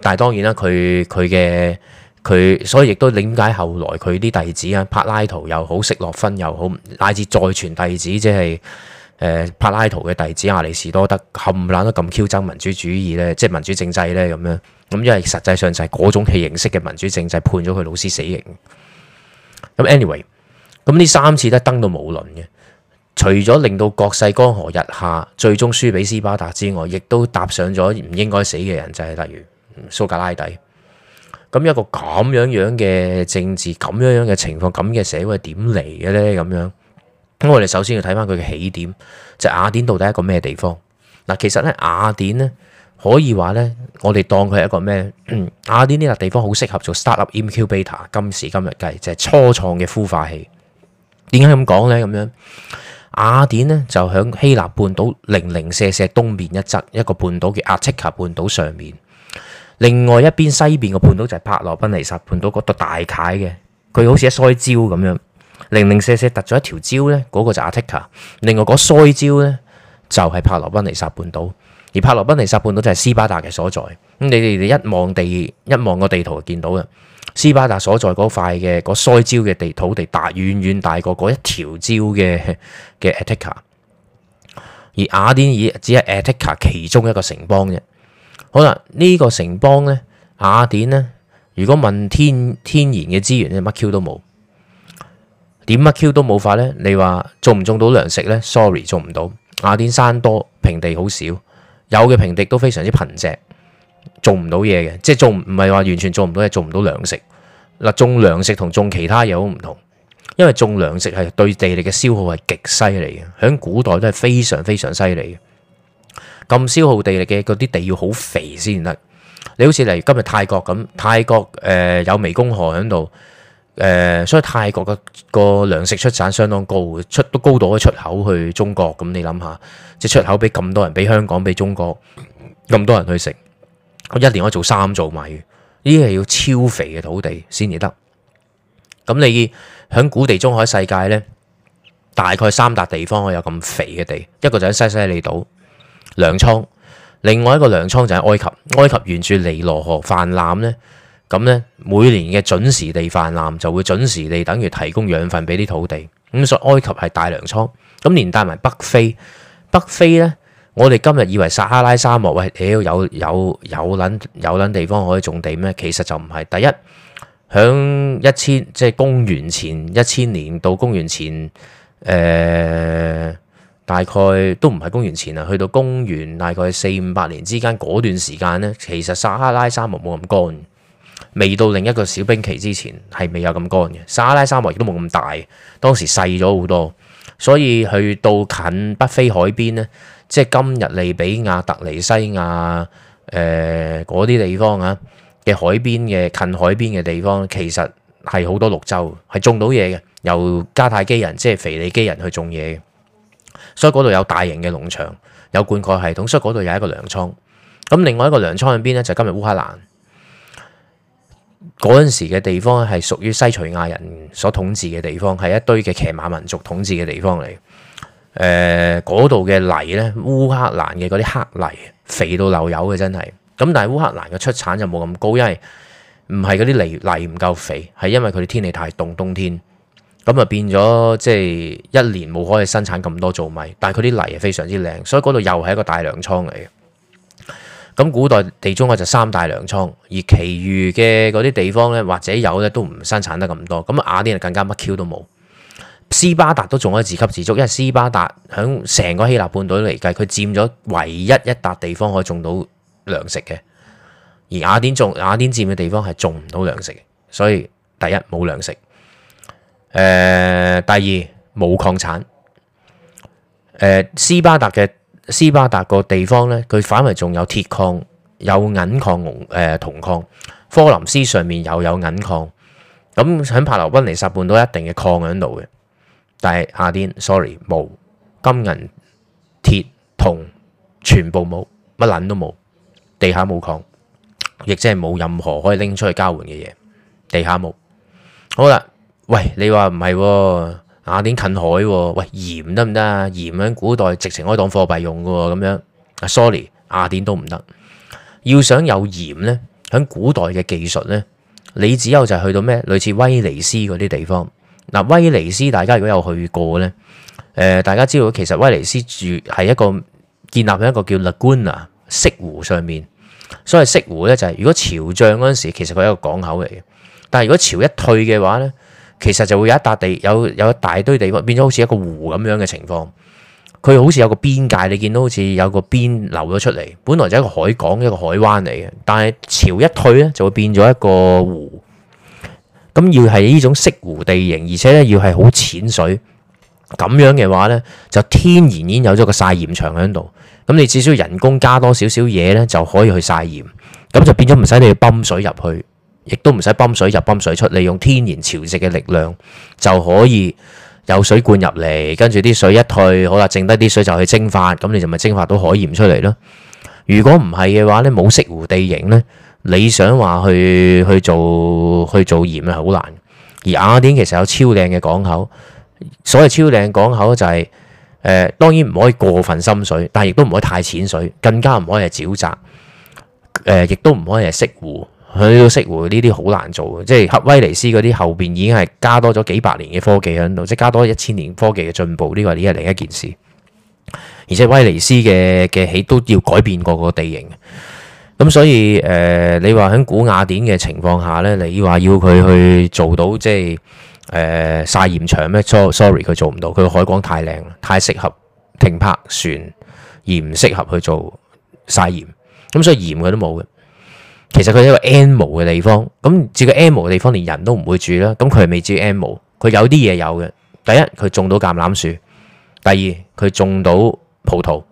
但係當然啦，佢佢嘅佢，所以亦都理解後來佢啲弟子啊，柏拉圖又好，色諾芬又好，乃至再傳弟子，即係誒、呃、柏拉圖嘅弟子亞里士多德，冚爛都咁 q 憎民主主義咧，即係民主政制咧咁樣。咁因為實際上就係嗰種器型式嘅民主政制判咗佢老師死刑。咁 anyway，咁呢三次都登到冇輪嘅。除咗令到國勢江河日下，最終輸俾斯巴達之外，亦都搭上咗唔應該死嘅人，就係、是、例如蘇格拉底。咁一個咁樣樣嘅政治、咁樣樣嘅情況、咁嘅社會點嚟嘅咧？咁樣，咁我哋首先要睇翻佢嘅起點，就係、是、雅典到底係一個咩地方？嗱，其實咧，雅典咧可以話咧，我哋當佢係一個咩？雅典呢個地方好適合做 start up MQ b e t a 今時今日計就係、是、初創嘅孵化器。點解咁講咧？咁樣？雅典呢，就喺希臘半島零零舍舍東面一側一個半島叫阿提卡半島上面，另外一邊西邊個半島就係帕羅賓尼薩半島嗰度大楷嘅，佢好似一腮礁咁樣零零舍舍突咗一條礁呢，嗰、嗰個就阿提卡，另外嗰腮礁呢就係帕羅賓尼薩半島，而帕羅賓尼薩半島就係斯巴達嘅所在，咁你哋哋一望地一望個地圖就見到啦。斯巴達所在嗰塊嘅嗰衰蕉嘅地土地大遠遠大過嗰一條蕉嘅嘅 Attica，而雅典亦只係 Attica 其中一個城邦啫。好啦，呢、這個城邦咧，雅典咧，如果問天天然嘅資源咧，乜 Q 都冇，點乜 Q 都冇法咧。你話種唔種到糧食咧？Sorry，種唔到。雅典山多平地好少，有嘅平地都非常之貧瘠。做唔到嘢嘅，即係做唔唔係話完全做唔到嘢，做唔到糧食嗱，種糧食同種其他嘢好唔同，因為種糧食係對地力嘅消耗係極犀利嘅，喺古代都係非常非常犀利嘅，咁消耗地力嘅嗰啲地要好肥先得，你好似例如今日泰國咁，泰國誒、呃、有湄公河喺度，誒、呃、所以泰國嘅、那個糧食出產相當高嘅，出都高到可以出口去中國，咁你諗下，即係出口俾咁多人，俾香港，俾中國咁多人去食。一年可以做三造米，呢啲係要超肥嘅土地先至得。咁你喺古地中海世界呢，大概三笪地方有咁肥嘅地，一個就喺西西里島糧倉，另外一個糧倉就喺埃及。埃及沿住尼羅河泛濫呢，咁呢每年嘅準時地泛濫就會準時地等於提供養分俾啲土地，咁所以埃及係大糧倉。咁連帶埋北非，北非呢。我哋今日以為撒哈拉沙漠喂，屌、哎、有有有撚有撚地方可以種地咩？其實就唔係，第一響一千即係公元前一千年到公元前誒、呃，大概都唔係公元前啊，去到公元大概四五百年之間嗰段時間呢，其實撒哈拉沙漠冇咁乾，未到另一個小冰期之前係未有咁乾嘅。撒哈拉沙漠亦都冇咁大，當時細咗好多，所以去到近北非海邊呢。即係今日利比亞、特尼西亞、誒嗰啲地方啊嘅海邊嘅近海邊嘅地方，其實係好多綠洲，係種到嘢嘅，由迦太基人即係腓尼基人去種嘢嘅，所以嗰度有大型嘅農場，有灌溉系統，所以嗰度有一個糧倉。咁另外一個糧倉喺邊咧？就係、今日烏克蘭嗰陣時嘅地方咧，係屬於西徐亞人所統治嘅地方，係一堆嘅騎馬民族統治嘅地方嚟。誒嗰度嘅泥呢，烏克蘭嘅嗰啲黑泥肥到漏油嘅真係，咁但係烏克蘭嘅出產就冇咁高，因為唔係嗰啲泥泥唔夠肥，係因為佢哋天氣太凍，冬天咁啊，變咗即係一年冇可以生產咁多造米，但係佢啲泥係非常之靚，所以嗰度又係一個大糧倉嚟嘅。咁、那個、古代地中海就三大糧倉，而其餘嘅嗰啲地方呢，或者有呢都唔生產得咁多，咁雅典人更加乜 Q 都冇。斯巴達都仲可以自給自足，因為斯巴達響成個希臘半島嚟計，佢佔咗唯一一笪地方可以種到糧食嘅。而雅典種雅典佔嘅地方係種唔到糧食嘅，所以第一冇糧食，誒、呃，第二冇礦產，誒、呃，斯巴達嘅斯巴達個地方呢，佢反為仲有鐵礦、有銀礦、銅誒銅礦，科林斯上面又有銀礦，咁響帕羅奔尼撒半島一定嘅礦喺度嘅。但係亞典，sorry 冇金銀鐵銅，全部冇乜撚都冇，地下冇礦，亦即係冇任何可以拎出去交換嘅嘢。地下冇。好啦，喂，你話唔係亞典近海喎，喂鹽得唔得啊？鹽喺古代直情可以當貨幣用嘅喎、哦，咁樣。sorry，亞典都唔得。要想有鹽咧，喺古代嘅技術咧，你只有就去到咩？類似威尼斯嗰啲地方。嗱，威尼斯大家如果有去過咧，誒、呃，大家知道其實威尼斯住係一個建立喺一個叫 Laguna 色湖上面，所謂色湖咧就係如果潮漲嗰陣時，其實佢係一個港口嚟嘅。但係如果潮一退嘅話咧，其實就會有一笪地有有一大堆地方變咗好似一個湖咁樣嘅情況。佢好似有個邊界，你見到好似有個邊流咗出嚟，本來就係一個海港一個海灣嚟嘅，但係潮一退咧就會變咗一個湖。咁要係呢種潟湖地形，而且咧要係好淺水，咁樣嘅話呢，就天然已經有咗個曬鹽場喺度。咁你只需要人工加多少少嘢呢，就可以去曬鹽。咁就變咗唔使你去泵水入去，亦都唔使泵水入泵水出，利用天然潮汐嘅力量就可以有水灌入嚟，跟住啲水一退，好啦，剩低啲水就去蒸發，咁你就咪蒸發到海鹽出嚟咯。如果唔係嘅話咧，冇潟湖地形呢。你想話去去做去做鹽啊，好難。而雅典其實有超靚嘅港口，所謂超靚港口就係、是、誒、呃，當然唔可以過分深水，但係亦都唔可以太淺水，更加唔可以係沼澤。誒、呃，亦都唔可以係舄湖，去到舄湖呢啲好難做。即係黑威尼斯嗰啲後邊已經係加多咗幾百年嘅科技喺度，即加多一千年科技嘅進步，呢個係另一件事。而且威尼斯嘅嘅起都要改變過個地形。咁、嗯、所以，誒、呃，你話喺古雅典嘅情況下咧，你話要佢去做到即係誒、呃、曬鹽場咩？So,Sorry，佢做唔到，佢個海港太靚啦，太適合停泊船，而唔適合去做曬鹽。咁、嗯、所以鹽佢都冇嘅。其實佢係一個 M 無嘅地方，咁至個 M 無嘅地方連人都唔會住啦。咁佢未至 M 無，佢有啲嘢有嘅。第一，佢種到橄欖樹；第二，佢種到葡萄。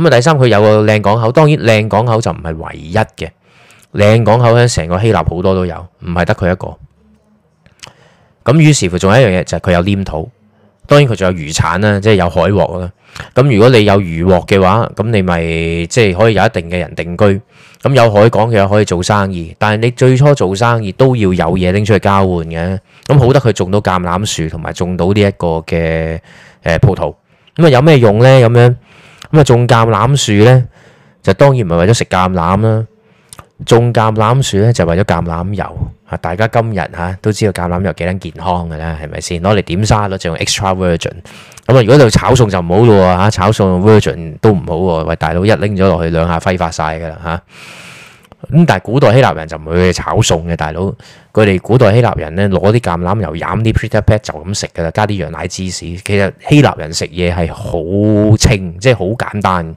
咁第三佢有個靚港口，當然靚港口就唔係唯一嘅。靚港口喺成個希臘好多都有，唔係得佢一個。咁於是乎，仲有一樣嘢就係佢有黏土。當然佢仲有漁產啦，即係有海獲啦。咁如果你有漁獲嘅話，咁你咪即係可以有一定嘅人定居。咁有海港嘅又可以做生意。但係你最初做生意都要有嘢拎出去交換嘅。咁好得佢種到橄欖樹同埋種到呢一個嘅誒葡萄。咁啊，有咩用呢？咁樣。咁啊，種橄欖樹咧，就當然唔係為咗食橄欖啦。種橄欖樹咧，就為咗橄欖油啊！大家今日吓、啊、都知道橄欖油幾撚健康噶啦，係咪先？攞嚟點沙律就用 extra virgin 就。咁啊，如果你要炒餸就唔好咯吓，炒餸用 virgin 都唔好喎。喂，大佬一拎咗落去，兩下揮發晒噶啦吓。咁但係古代希臘人就唔會去炒餸嘅，大佬佢哋古代希臘人咧攞啲橄欖油飲，啲 pita bread 就咁食噶啦，加啲羊奶芝士。其實希臘人食嘢係好清，即係好簡單。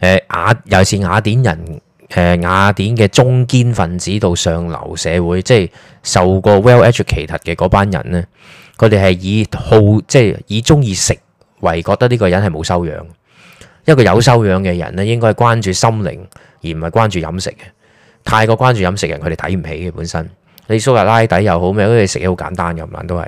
誒雅尤其是雅典人，誒、呃、雅典嘅中堅分子到上流社會，即、就、係、是、受過 well-educated 嘅嗰班人咧，佢哋係以好即係、就是、以中意食為覺得呢個人係冇修養。一個有修養嘅人咧，應該係關注心靈，而唔係關注飲食嘅。太過關注飲食人，人佢哋睇唔起嘅本身。你蘇格拉底又好咩？佢哋食嘢好簡單嘅，唔難都係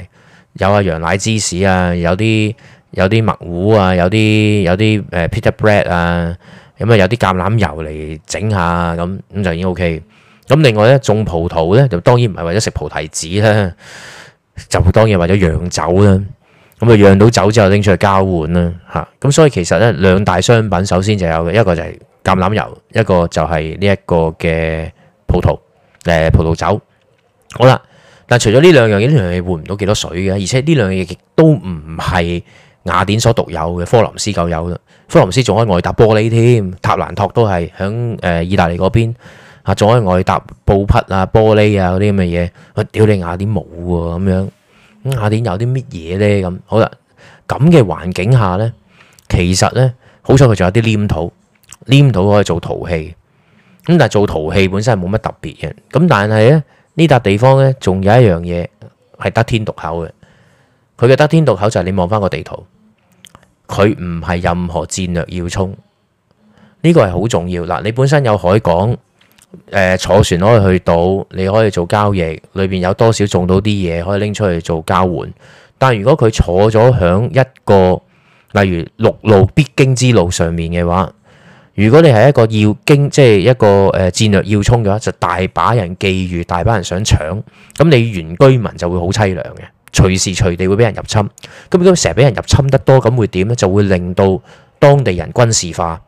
有啊，羊奶芝士啊，有啲有啲麥糊啊，有啲有啲誒 pita bread 啊，咁、嗯、啊有啲橄欖油嚟整下咁，咁就已經 OK。咁另外咧，種葡萄咧就當然唔係為咗食菩提子啦，就當然為咗釀酒啦。咁啊，就釀到酒之後拎出去交換啦，嚇、啊！咁所以其實咧，兩大商品首先就有嘅一個就係橄欖油，一個就係呢一個嘅葡萄，誒、呃、葡萄酒。好啦，但除咗呢兩樣嘢，呢兩樣嘢換唔到幾多水嘅，而且呢兩樣嘢亦都唔係雅典所獨有嘅，科林斯夠有啦。科林斯仲可以外搭玻璃添，塔蘭托都係響誒意大利嗰邊，仲可以外搭布匹啊、玻璃啊嗰啲咁嘅嘢。我、啊、屌你雅典冇喎，咁樣。雅典有啲乜嘢呢？咁好啦，咁嘅環境下呢，其實呢，好彩佢仲有啲黏土，黏土可以做陶器。咁但係做陶器本身係冇乜特別嘅。咁但係呢，呢笪地方呢，仲有一樣嘢係得天獨厚嘅。佢嘅得天獨厚就係你望翻個地圖，佢唔係任何戰略要衝。呢個係好重要嗱，你本身有海港。誒、呃，坐船可以去到，你可以做交易，裏邊有多少種到啲嘢，可以拎出去做交換。但如果佢坐咗響一個，例如陸路必經之路上面嘅話，如果你係一個要經，即係一個誒、呃、戰略要衝嘅話，就大把人覬覦，大把人想搶，咁你原居民就會好淒涼嘅，隨時隨地會俾人入侵。咁如果成日俾人入侵得多，咁會點呢？就會令到當地人軍事化。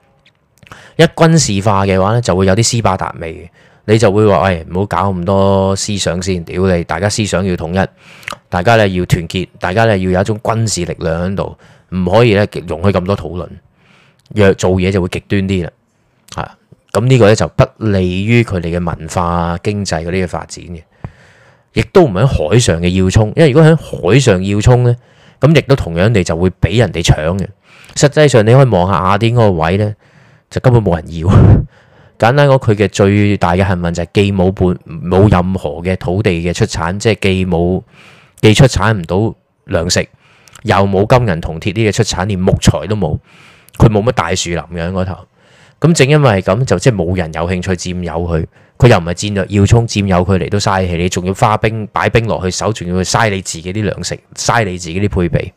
一軍事化嘅話咧，就會有啲斯巴達味嘅。你就會話，喂，唔好搞咁多思想先，屌你，大家思想要統一，大家咧要團結，大家咧要有一種軍事力量喺度，唔可以咧容許咁多討論，若做嘢就會極端啲啦。吓咁呢個咧就不利於佢哋嘅文化、經濟嗰啲嘅發展嘅，亦都唔喺海上嘅要衝，因為如果喺海上要衝咧，咁亦都同樣地就會俾人哋搶嘅。實際上你可以望下雅典嗰個位咧。就根本冇人要。 簡單講，佢嘅最大嘅幸運就係既冇本冇任何嘅土地嘅出產，即係既冇既出產唔到糧食，又冇金銀銅鐵啲嘅出產，連木材都冇。佢冇乜大樹林嘅喺嗰頭。咁正因為咁，就即係冇人有興趣佔有佢。佢又唔係戰略要衝，佔有佢嚟都嘥氣，你仲要花兵擺兵落去守，仲要嘥你自己啲糧食，嘥你自己啲配備。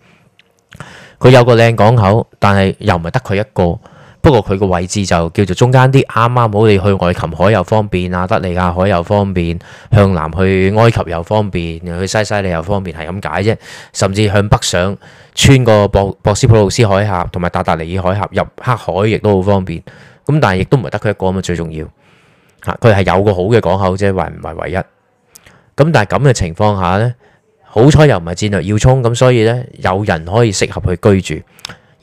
佢有個靚港口，但係又唔係得佢一個。不過佢個位置就叫做中間啲，啱啱好你去外琴海又方便啊，德利亞海又方便，向南去埃及又方便，去西西利又方便，係咁解啫。甚至向北上穿過博、博斯普魯斯海峽，同埋達達尼爾海峽入黑海，亦都好方便。咁但係亦都唔係得佢一個咁啊，最重要嚇，佢係有個好嘅港口啫，還唔係唯一。咁但係咁嘅情況下呢，好彩又唔係戰略要衝，咁所以呢，有人可以適合去居住，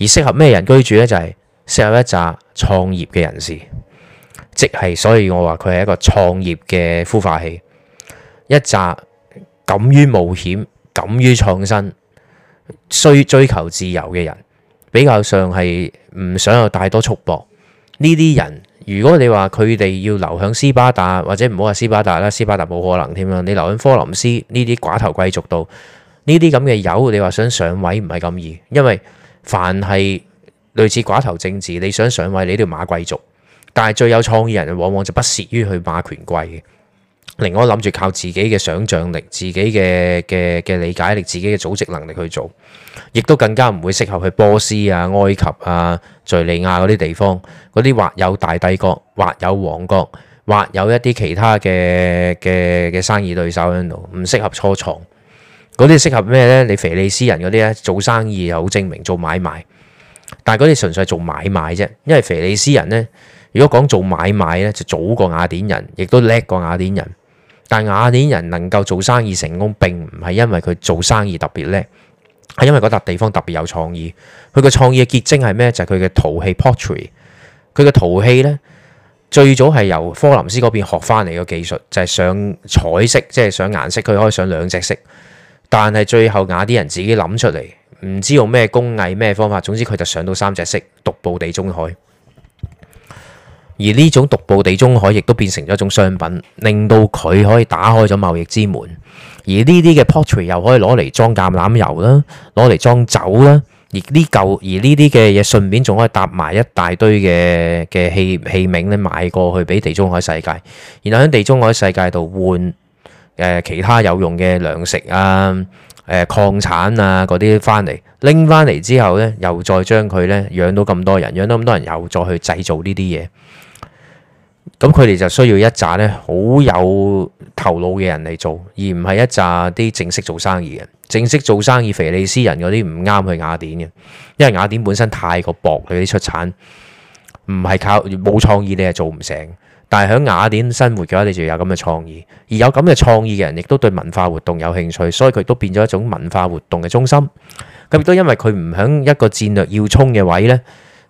而適合咩人居住呢？就係、是。適合一扎創業嘅人士，即係所以我話佢係一個創業嘅孵化器，一扎敢於冒險、敢於創新、需追求自由嘅人，比較上係唔想有太多束縛。呢啲人，如果你話佢哋要留向斯巴達，或者唔好話斯巴達啦，斯巴達冇可能添啦。你留響科林斯呢啲寡頭貴族度，呢啲咁嘅友，你話想上位唔係咁易，因為凡係。類似寡頭政治，你想上位，你都要馬貴族。但係最有創意人往往就不屑於去馬權貴嘅。寧可諗住靠自己嘅想像力、自己嘅嘅嘅理解力、自己嘅組織能力去做，亦都更加唔會適合去波斯啊、埃及啊、敍利亞嗰啲地方。嗰啲或有大帝國，或有王國，或有一啲其他嘅嘅嘅生意對手喺度，唔適合初創。嗰啲適合咩呢？你腓力斯人嗰啲咧，做生意又好精明，做買賣。但係嗰啲純粹係做買賣啫，因為肥利斯人呢，如果講做買賣呢，就早過雅典人，亦都叻過雅典人。但係雅典人能夠做生意成功，並唔係因為佢做生意特別叻，係因為嗰笪地方特別有創意。佢個創意嘅結晶係咩？就係佢嘅陶器 （pottery）。佢嘅陶器呢，最早係由科林斯嗰邊學翻嚟嘅技術，就係上彩色，即係上顏色，佢可以上兩隻色。但係最後雅典人自己諗出嚟。唔知用咩工藝咩方法，總之佢就上到三隻色，獨步地中海。而呢種獨步地中海亦都變成咗一種商品，令到佢可以打開咗貿易之門。而呢啲嘅 pottery 又可以攞嚟裝橄欖油啦，攞嚟裝酒啦。而呢嚿而呢啲嘅嘢，順便仲可以搭埋一大堆嘅嘅器器皿咧，賣過去俾地中海世界，然後喺地中海世界度換誒其他有用嘅糧食啊。誒、呃、礦產啊，嗰啲翻嚟拎翻嚟之後呢，又再將佢呢養到咁多人，養到咁多人又再去製造呢啲嘢。咁佢哋就需要一紮呢，好有頭腦嘅人嚟做，而唔係一紮啲正式做生意嘅人。正式做生意，腓力斯人嗰啲唔啱去雅典嘅，因為雅典本身太過薄，佢啲出產唔係靠冇創意，你係做唔成。但係喺雅典生活嘅話，你就有咁嘅創意，而有咁嘅創意嘅人，亦都對文化活動有興趣，所以佢都變咗一種文化活動嘅中心。咁亦都因為佢唔喺一個戰略要衝嘅位呢，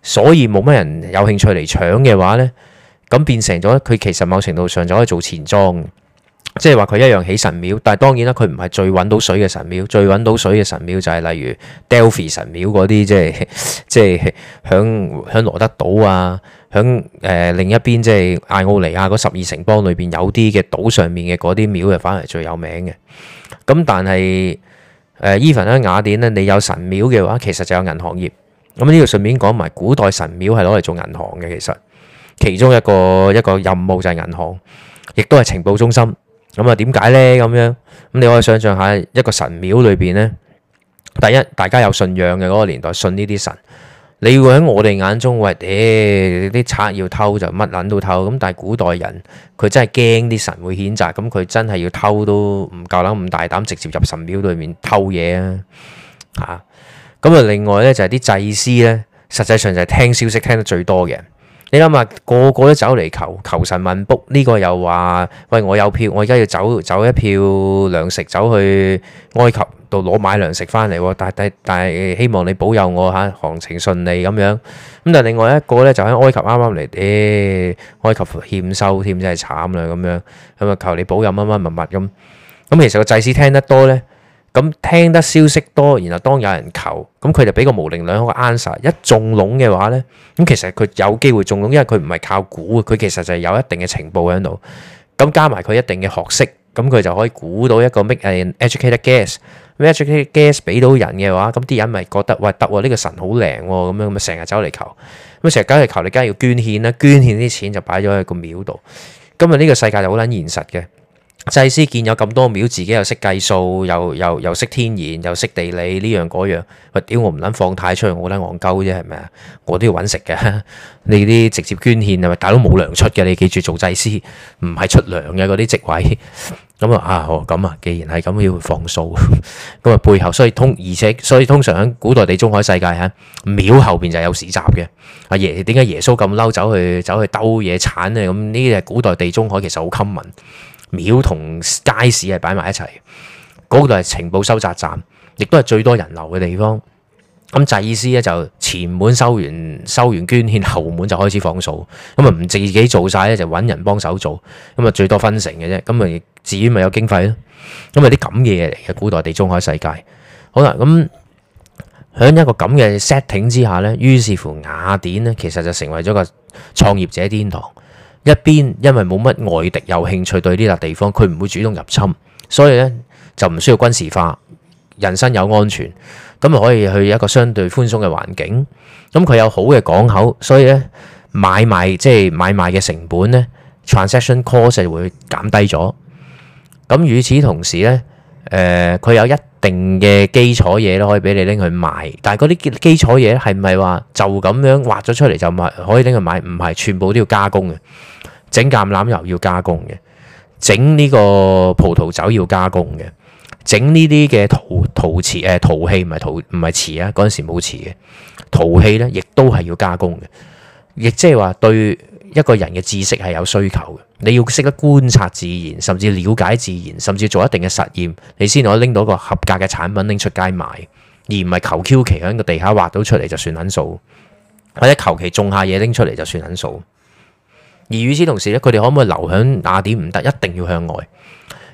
所以冇乜人有興趣嚟搶嘅話呢。咁變成咗佢其實某程度上就可以做錢莊，即係話佢一樣起神廟。但係當然啦，佢唔係最揾到水嘅神廟，最揾到水嘅神廟就係例如 Delphi 神廟嗰啲，即係即係喺喺羅德島啊。喺誒另一邊，即係愛奧尼亞嗰十二城邦裏邊有啲嘅島上面嘅嗰啲廟，又反而最有名嘅。咁但係誒伊凡咧，雅典咧，你有神廟嘅話，其實就有銀行業。咁呢度順便講埋古代神廟係攞嚟做銀行嘅，其實其中一個一個任務就係銀行，亦都係情報中心。咁啊點解咧咁樣？咁你可以想象下一個神廟裏邊咧，第一大家有信仰嘅嗰個年代，信呢啲神。你會喺我哋眼中，話，欸，誒，啲賊要偷就乜撚都偷。咁但係古代人，佢真係驚啲神會譴責，咁佢真係要偷都唔夠膽咁大膽直接入神廟裏面偷嘢啊！嚇，咁啊，另外呢，就係啲祭司呢，實際上就係聽消息聽得最多嘅。你諗下，個個都走嚟求求神問卜，呢個又話，喂，我有票，我而家要走走一票糧食，走去埃及。到攞買糧食翻嚟，但係但係希望你保佑我嚇，行程順利咁樣。咁但係另外一個咧就喺埃及啱啱嚟，誒埃及欠收添，真係慘啦咁樣咁啊！求你保佑，乜乜物物咁咁。其實個祭司聽得多咧，咁聽得消息多，然後當有人求咁，佢就俾個模棱兩可嘅 answer。一中籠嘅話咧，咁其實佢有機會中籠，因為佢唔係靠估，佢其實就係有一定嘅情報喺度。咁加埋佢一定嘅學識，咁佢就可以估到一個咩誒 educated guess。孭出啲 gas 俾到人嘅話，咁啲人咪覺得喂，得喎，呢個神好靈喎，咁樣咁咪成日走嚟求，咁啊成日走嚟求你，你梗係要捐獻啦，捐獻啲錢就擺咗喺個廟度。今日呢個世界就好撚現實嘅，祭司見有咁多廟，自己又識計數，又又又識天然，又識地理呢樣嗰樣，喂屌我唔撚放太，太出去我撚戇鳩啫，係咪啊？我都要揾食嘅，你啲直接捐獻係咪大佬冇糧出嘅，你記住做祭司唔係出糧嘅嗰啲職位。咁啊啊哦咁啊！既然係咁，要放數，咁啊背後，所以通，而且所以通常喺古代地中海世界啊，廟後邊就有市集嘅。阿爺點解耶穌咁嬲走去走去兜嘢攤咧？咁呢啲係古代地中海其實好 common，廟同街市係擺埋一齊，嗰度係情報收集站，亦都係最多人流嘅地方。咁、嗯、祭司咧就前門收完收完捐獻，後門就開始放數。咁啊唔自己做晒咧，就揾人幫手做。咁、嗯、啊最多分成嘅啫。咁、嗯、啊至於咪有經費咯。咁啊啲咁嘅嘢嚟，嘅古代地中海世界。好啦，咁、嗯、響、嗯、一個咁嘅 setting 之下咧，於是乎雅典呢其實就成為咗個創業者天堂。一邊因為冇乜外敵有興趣對呢笪地方，佢唔會主動入侵，所以呢就唔需要軍事化，人身有安全。咁又可以去一個相對寬鬆嘅環境，咁佢有好嘅港口，所以呢，買賣即係買賣嘅成本呢，transaction cost 就會減低咗。咁與此同時呢，誒、呃、佢有一定嘅基礎嘢都可以俾你拎去賣，但係嗰啲基礎嘢係唔係話就咁樣挖咗出嚟就唔係可以拎去買？唔係，全部都要加工嘅，整橄欖油要加工嘅，整呢個葡萄酒要加工嘅。整呢啲嘅陶陶瓷誒、呃、陶器，唔係陶，唔係瓷啊，嗰陣時冇瓷嘅，陶器咧，亦都係要加工嘅，亦即係話對一個人嘅知識係有需求嘅。你要識得觀察自然，甚至瞭解自然，甚至做一定嘅實驗，你先可以拎到一個合格嘅產品拎出街賣，而唔係求 Q 其喺個地下挖到出嚟就算撚數，或者求其種下嘢拎出嚟就算撚數。而與此同時咧，佢哋可唔可以留喺雅典？唔得，一定要向外，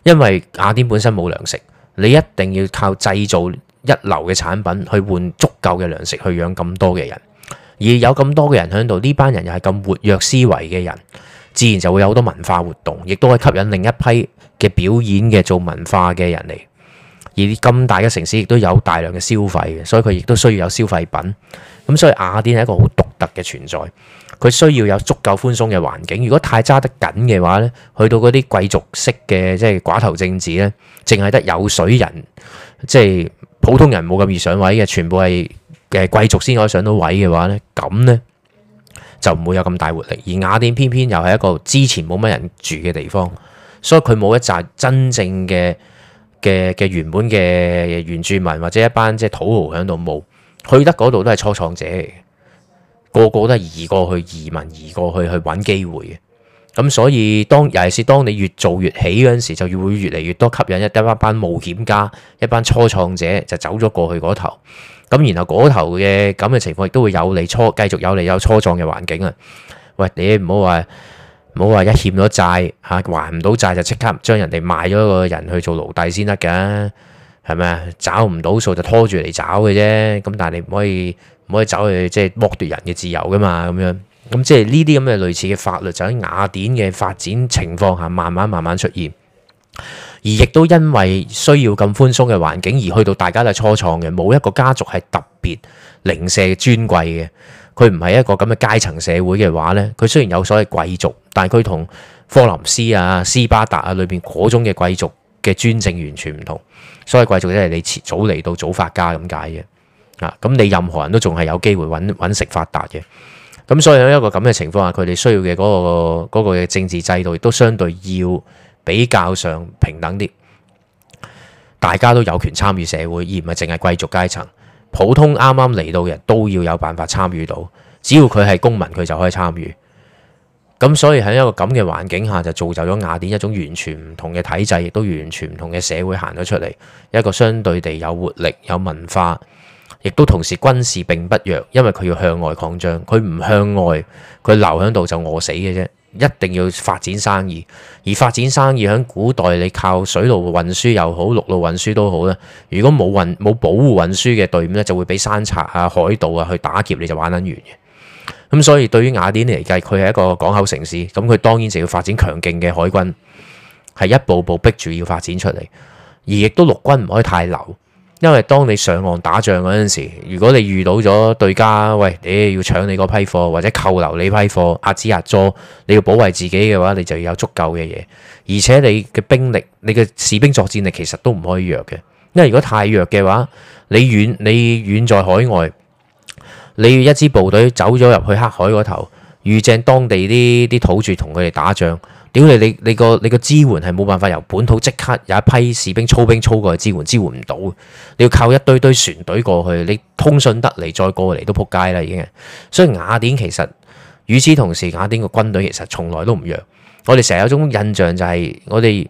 因為雅典本身冇糧食。你一定要靠製造一流嘅產品去換足夠嘅糧食去養咁多嘅人，而有咁多嘅人喺度，呢班人又係咁活躍思維嘅人，自然就會有好多文化活動，亦都可以吸引另一批嘅表演嘅做文化嘅人嚟。而咁大嘅城市亦都有大量嘅消費嘅，所以佢亦都需要有消費品。咁所以雅典係一個好獨特嘅存在。佢需要有足夠寬鬆嘅環境。如果太揸得緊嘅話呢，去到嗰啲貴族式嘅即係寡頭政治呢，淨係得有水人，即係普通人冇咁易上位嘅，全部係誒貴族先可以上到位嘅話呢，咁呢就唔會有咁大活力。而雅典偏偏又係一個之前冇乜人住嘅地方，所以佢冇一紮真正嘅嘅嘅原本嘅原住民或者一班即係土豪喺度，冇去得嗰度都係初創者。個個都係移過去移民移過去去揾機會嘅，咁所以當尤其是當你越做越起嗰陣時，就會越嚟越多吸引一班一班冒險家、一班初創者就走咗過去嗰頭，咁然後嗰頭嘅咁嘅情況亦都會有利初繼續有利有初創嘅環境啊！喂，你唔好話唔好話一欠咗債嚇，還唔到債就即刻將人哋賣咗個人去做奴隸先得㗎，係咪啊？找唔到數就拖住嚟找嘅啫，咁但係你唔可以。唔可以走去即係剝奪人嘅自由噶嘛？咁樣咁即係呢啲咁嘅類似嘅法律，就喺雅典嘅發展情況下，慢慢慢慢出現，而亦都因為需要咁寬鬆嘅環境，而去到大家都係初創嘅，冇一個家族係特別零舍尊貴嘅，佢唔係一個咁嘅階層社會嘅話咧，佢雖然有所謂貴族，但係佢同科林斯啊、斯巴達啊裏邊嗰種嘅貴族嘅專政完全唔同，所謂貴族即係你遲早嚟到早發家咁解嘅。啊！咁你任何人都仲係有機會揾食發達嘅，咁所以喺一個咁嘅情況下，佢哋需要嘅嗰個嗰個嘅政治制度亦都相對要比較上平等啲，大家都有權參與社會，而唔係淨係貴族階層。普通啱啱嚟到嘅人都要有辦法參與到，只要佢係公民，佢就可以參與。咁所以喺一個咁嘅環境下，就造就咗雅典一種完全唔同嘅體制，亦都完全唔同嘅社會行咗出嚟，一個相對地有活力、有文化。亦都同時軍事並不弱，因為佢要向外擴張，佢唔向外佢留喺度就餓死嘅啫。一定要發展生意，而發展生意喺古代你靠水路運輸又好，陸路運輸都好啦。如果冇運冇保護運輸嘅隊伍呢，就會俾山賊啊、海盜啊去打劫，你就玩得完嘅。咁所以對於雅典嚟計，佢係一個港口城市，咁佢當然就要發展強勁嘅海軍，係一步步逼住要發展出嚟，而亦都陸軍唔可以太流。因為當你上岸打仗嗰陣時，如果你遇到咗對家，喂，你要搶你嗰批貨或者扣留你批貨，壓支壓咗，你要保衛自己嘅話，你就要有足夠嘅嘢，而且你嘅兵力、你嘅士兵作戰力其實都唔可以弱嘅，因為如果太弱嘅話，你遠你遠在海外，你要一支部隊走咗入去黑海嗰頭，遇正當地啲啲土著同佢哋打仗。屌你！你你個你個支援係冇辦法由本土即刻有一批士兵操兵操過去支援，支援唔到。你要靠一堆堆船隊過去，你通訊得嚟再過嚟都撲街啦已經係。所以雅典其實與此同時，雅典個軍隊其實從來都唔弱。我哋成日有種印象就係我哋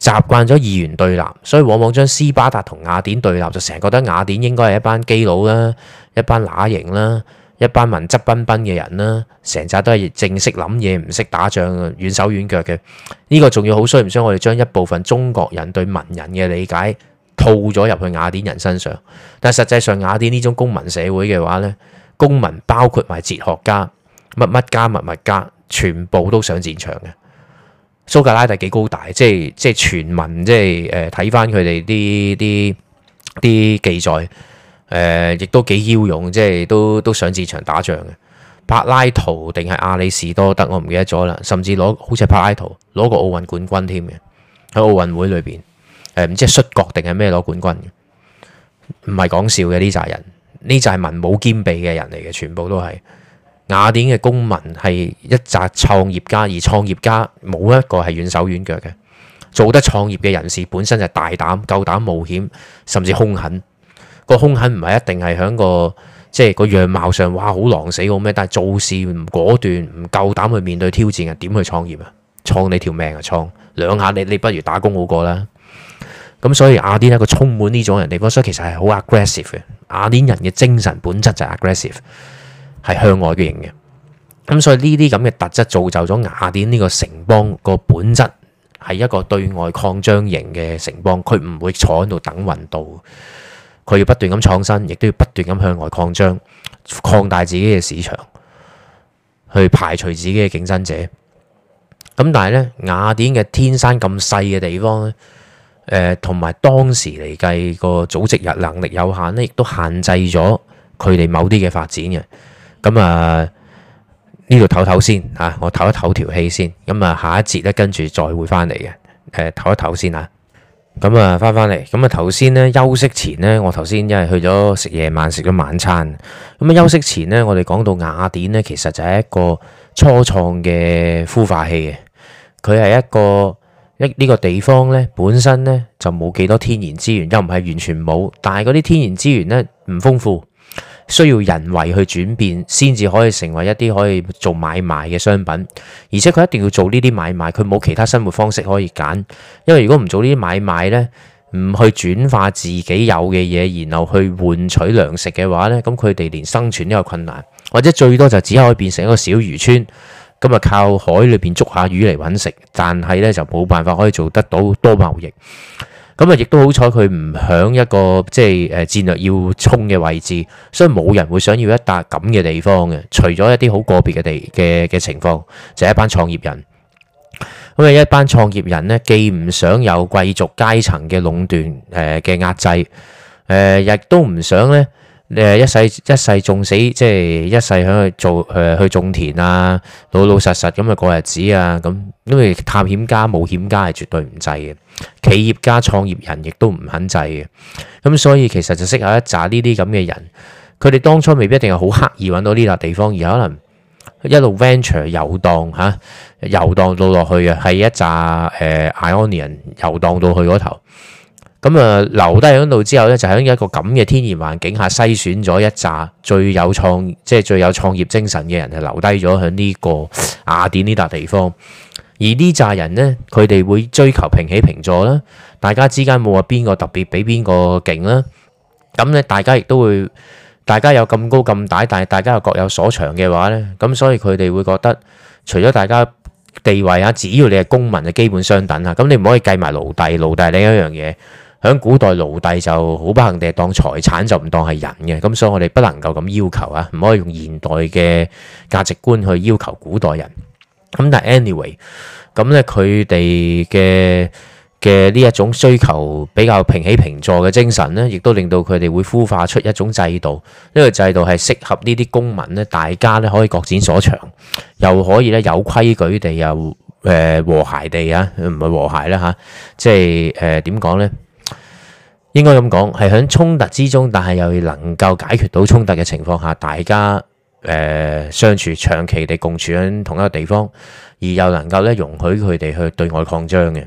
習慣咗二元對立，所以往往將斯巴達同雅典對立，就成日覺得雅典應該係一班基佬啦，一班乸型啦。一班文質彬彬嘅人啦，成扎都係正式諗嘢，唔識打仗嘅，軟手軟腳嘅。呢、這個仲要好衰唔衰？我哋將一部分中國人對文人嘅理解套咗入去雅典人身上。但實際上，雅典呢種公民社會嘅話咧，公民包括埋哲學家、乜乜家、物物家，全部都上戰場嘅。蘇格拉底幾高大？即係即係全民即係誒睇返佢哋啲啲啲記載。誒，亦都幾驍勇，即係都都上戰場打仗嘅。柏拉圖定係亞里士多德，我唔記得咗啦。甚至攞好似柏拉圖攞過奧運冠軍添嘅，喺奧運會裏邊誒，唔知係摔角定係咩攞冠軍，唔係講笑嘅。呢扎人，呢扎係文武兼備嘅人嚟嘅，全部都係。雅典嘅公民係一扎創業家，而創業家冇一個係軟手軟腳嘅，做得創業嘅人士本身就大膽、夠膽冒險，甚至兇狠。個兇狠唔係一定係響個即係個樣貌上，哇好狼死好咩？但係做事唔果斷，唔夠膽去面對挑戰啊？點去創業啊？創你條命啊！創兩下你你不如打工好過啦。咁所以雅典咧個充滿呢種人地方，所以其實係好 aggressive 嘅。雅典人嘅精神本質就係 aggressive，係向外嘅型嘅。咁所以呢啲咁嘅特質造就咗雅典呢個城邦個本質係一個對外擴張型嘅城邦，佢唔會坐喺度等運到。佢要不斷咁創新，亦都要不斷咁向外擴張、擴大自己嘅市場，去排除自己嘅競爭者。咁但係呢，雅典嘅天山咁細嘅地方，誒同埋當時嚟計個組織力能力有限，呢亦都限制咗佢哋某啲嘅發展嘅。咁、嗯、啊，呢度唞唞先嚇，我唞一唞條氣先。咁啊，下一節咧，跟住再會返嚟嘅。誒唞一唞先嚇。咁啊，翻返嚟，咁啊，頭先呢休息前呢，我頭先因為去咗食夜晚食咗晚餐，咁啊休息前呢，我哋講到雅典呢，其實就係一個初創嘅孵化器嘅，佢係一個一呢、這個地方呢，本身呢就冇幾多天然資源，又唔係完全冇，但係嗰啲天然資源呢唔豐富。需要人為去轉變，先至可以成為一啲可以做買賣嘅商品。而且佢一定要做呢啲買賣，佢冇其他生活方式可以揀。因為如果唔做呢啲買賣呢，唔去轉化自己有嘅嘢，然後去換取糧食嘅話呢，咁佢哋連生存都有困難，或者最多就只可以變成一個小漁村，咁啊靠海裏邊捉下魚嚟揾食，但係呢就冇辦法可以做得到多貿易。咁啊，亦都好彩，佢唔喺一個即係誒戰略要衝嘅位置，所以冇人會想要一笪咁嘅地方嘅，除咗一啲好個別嘅地嘅嘅情況，就係一班創業人。咁啊，一班創業人咧，既唔想有貴族階層嘅壟斷嘅，呃、壓制，誒亦都唔想咧。誒，一世一世種死，即係一世喺度做誒、呃，去種田啊，老老實實咁啊過日子啊，咁因為探險家、冒險家係絕對唔制嘅，企業家、創業人亦都唔肯制嘅，咁所以其實就適合一紮呢啲咁嘅人，佢哋當初未必一定係好刻意揾到呢笪地方，而可能一路 venture 遊蕩吓，遊、啊、蕩到落去嘅係一紮誒、呃、，Ionian 遊蕩到去嗰頭。咁啊，留低響度之後咧，就喺一個咁嘅天然環境下篩選咗一扎最有創即係最有創業精神嘅人，係留低咗喺呢個雅典呢笪地方。而呢扎人呢，佢哋會追求平起平坐啦，大家之間冇話邊個特別比邊個勁啦。咁咧，大家亦都會，大家有咁高咁大，但係大家又各有所長嘅話呢。咁所以佢哋會覺得，除咗大家地位啊，只要你係公民就基本相等啊。咁你唔可以計埋奴隸，奴隸另一樣嘢。喺古代奴隸就好不幸地當財產就唔當係人嘅，咁所以我哋不能夠咁要求啊，唔可以用現代嘅價值觀去要求古代人。咁但係 anyway，咁咧佢哋嘅嘅呢一種需求比較平起平坐嘅精神咧，亦都令到佢哋會孵化出一種制度，呢個制度係適合呢啲公民咧，大家咧可以各展所長，又可以咧有規矩地又誒和諧地啊，唔係和諧啦吓，即係誒點講咧？呃應該咁講，係喺衝突之中，但係又能夠解決到衝突嘅情況下，大家誒、呃、相處長期地共處喺同一個地方，而又能夠咧容許佢哋去對外擴張嘅。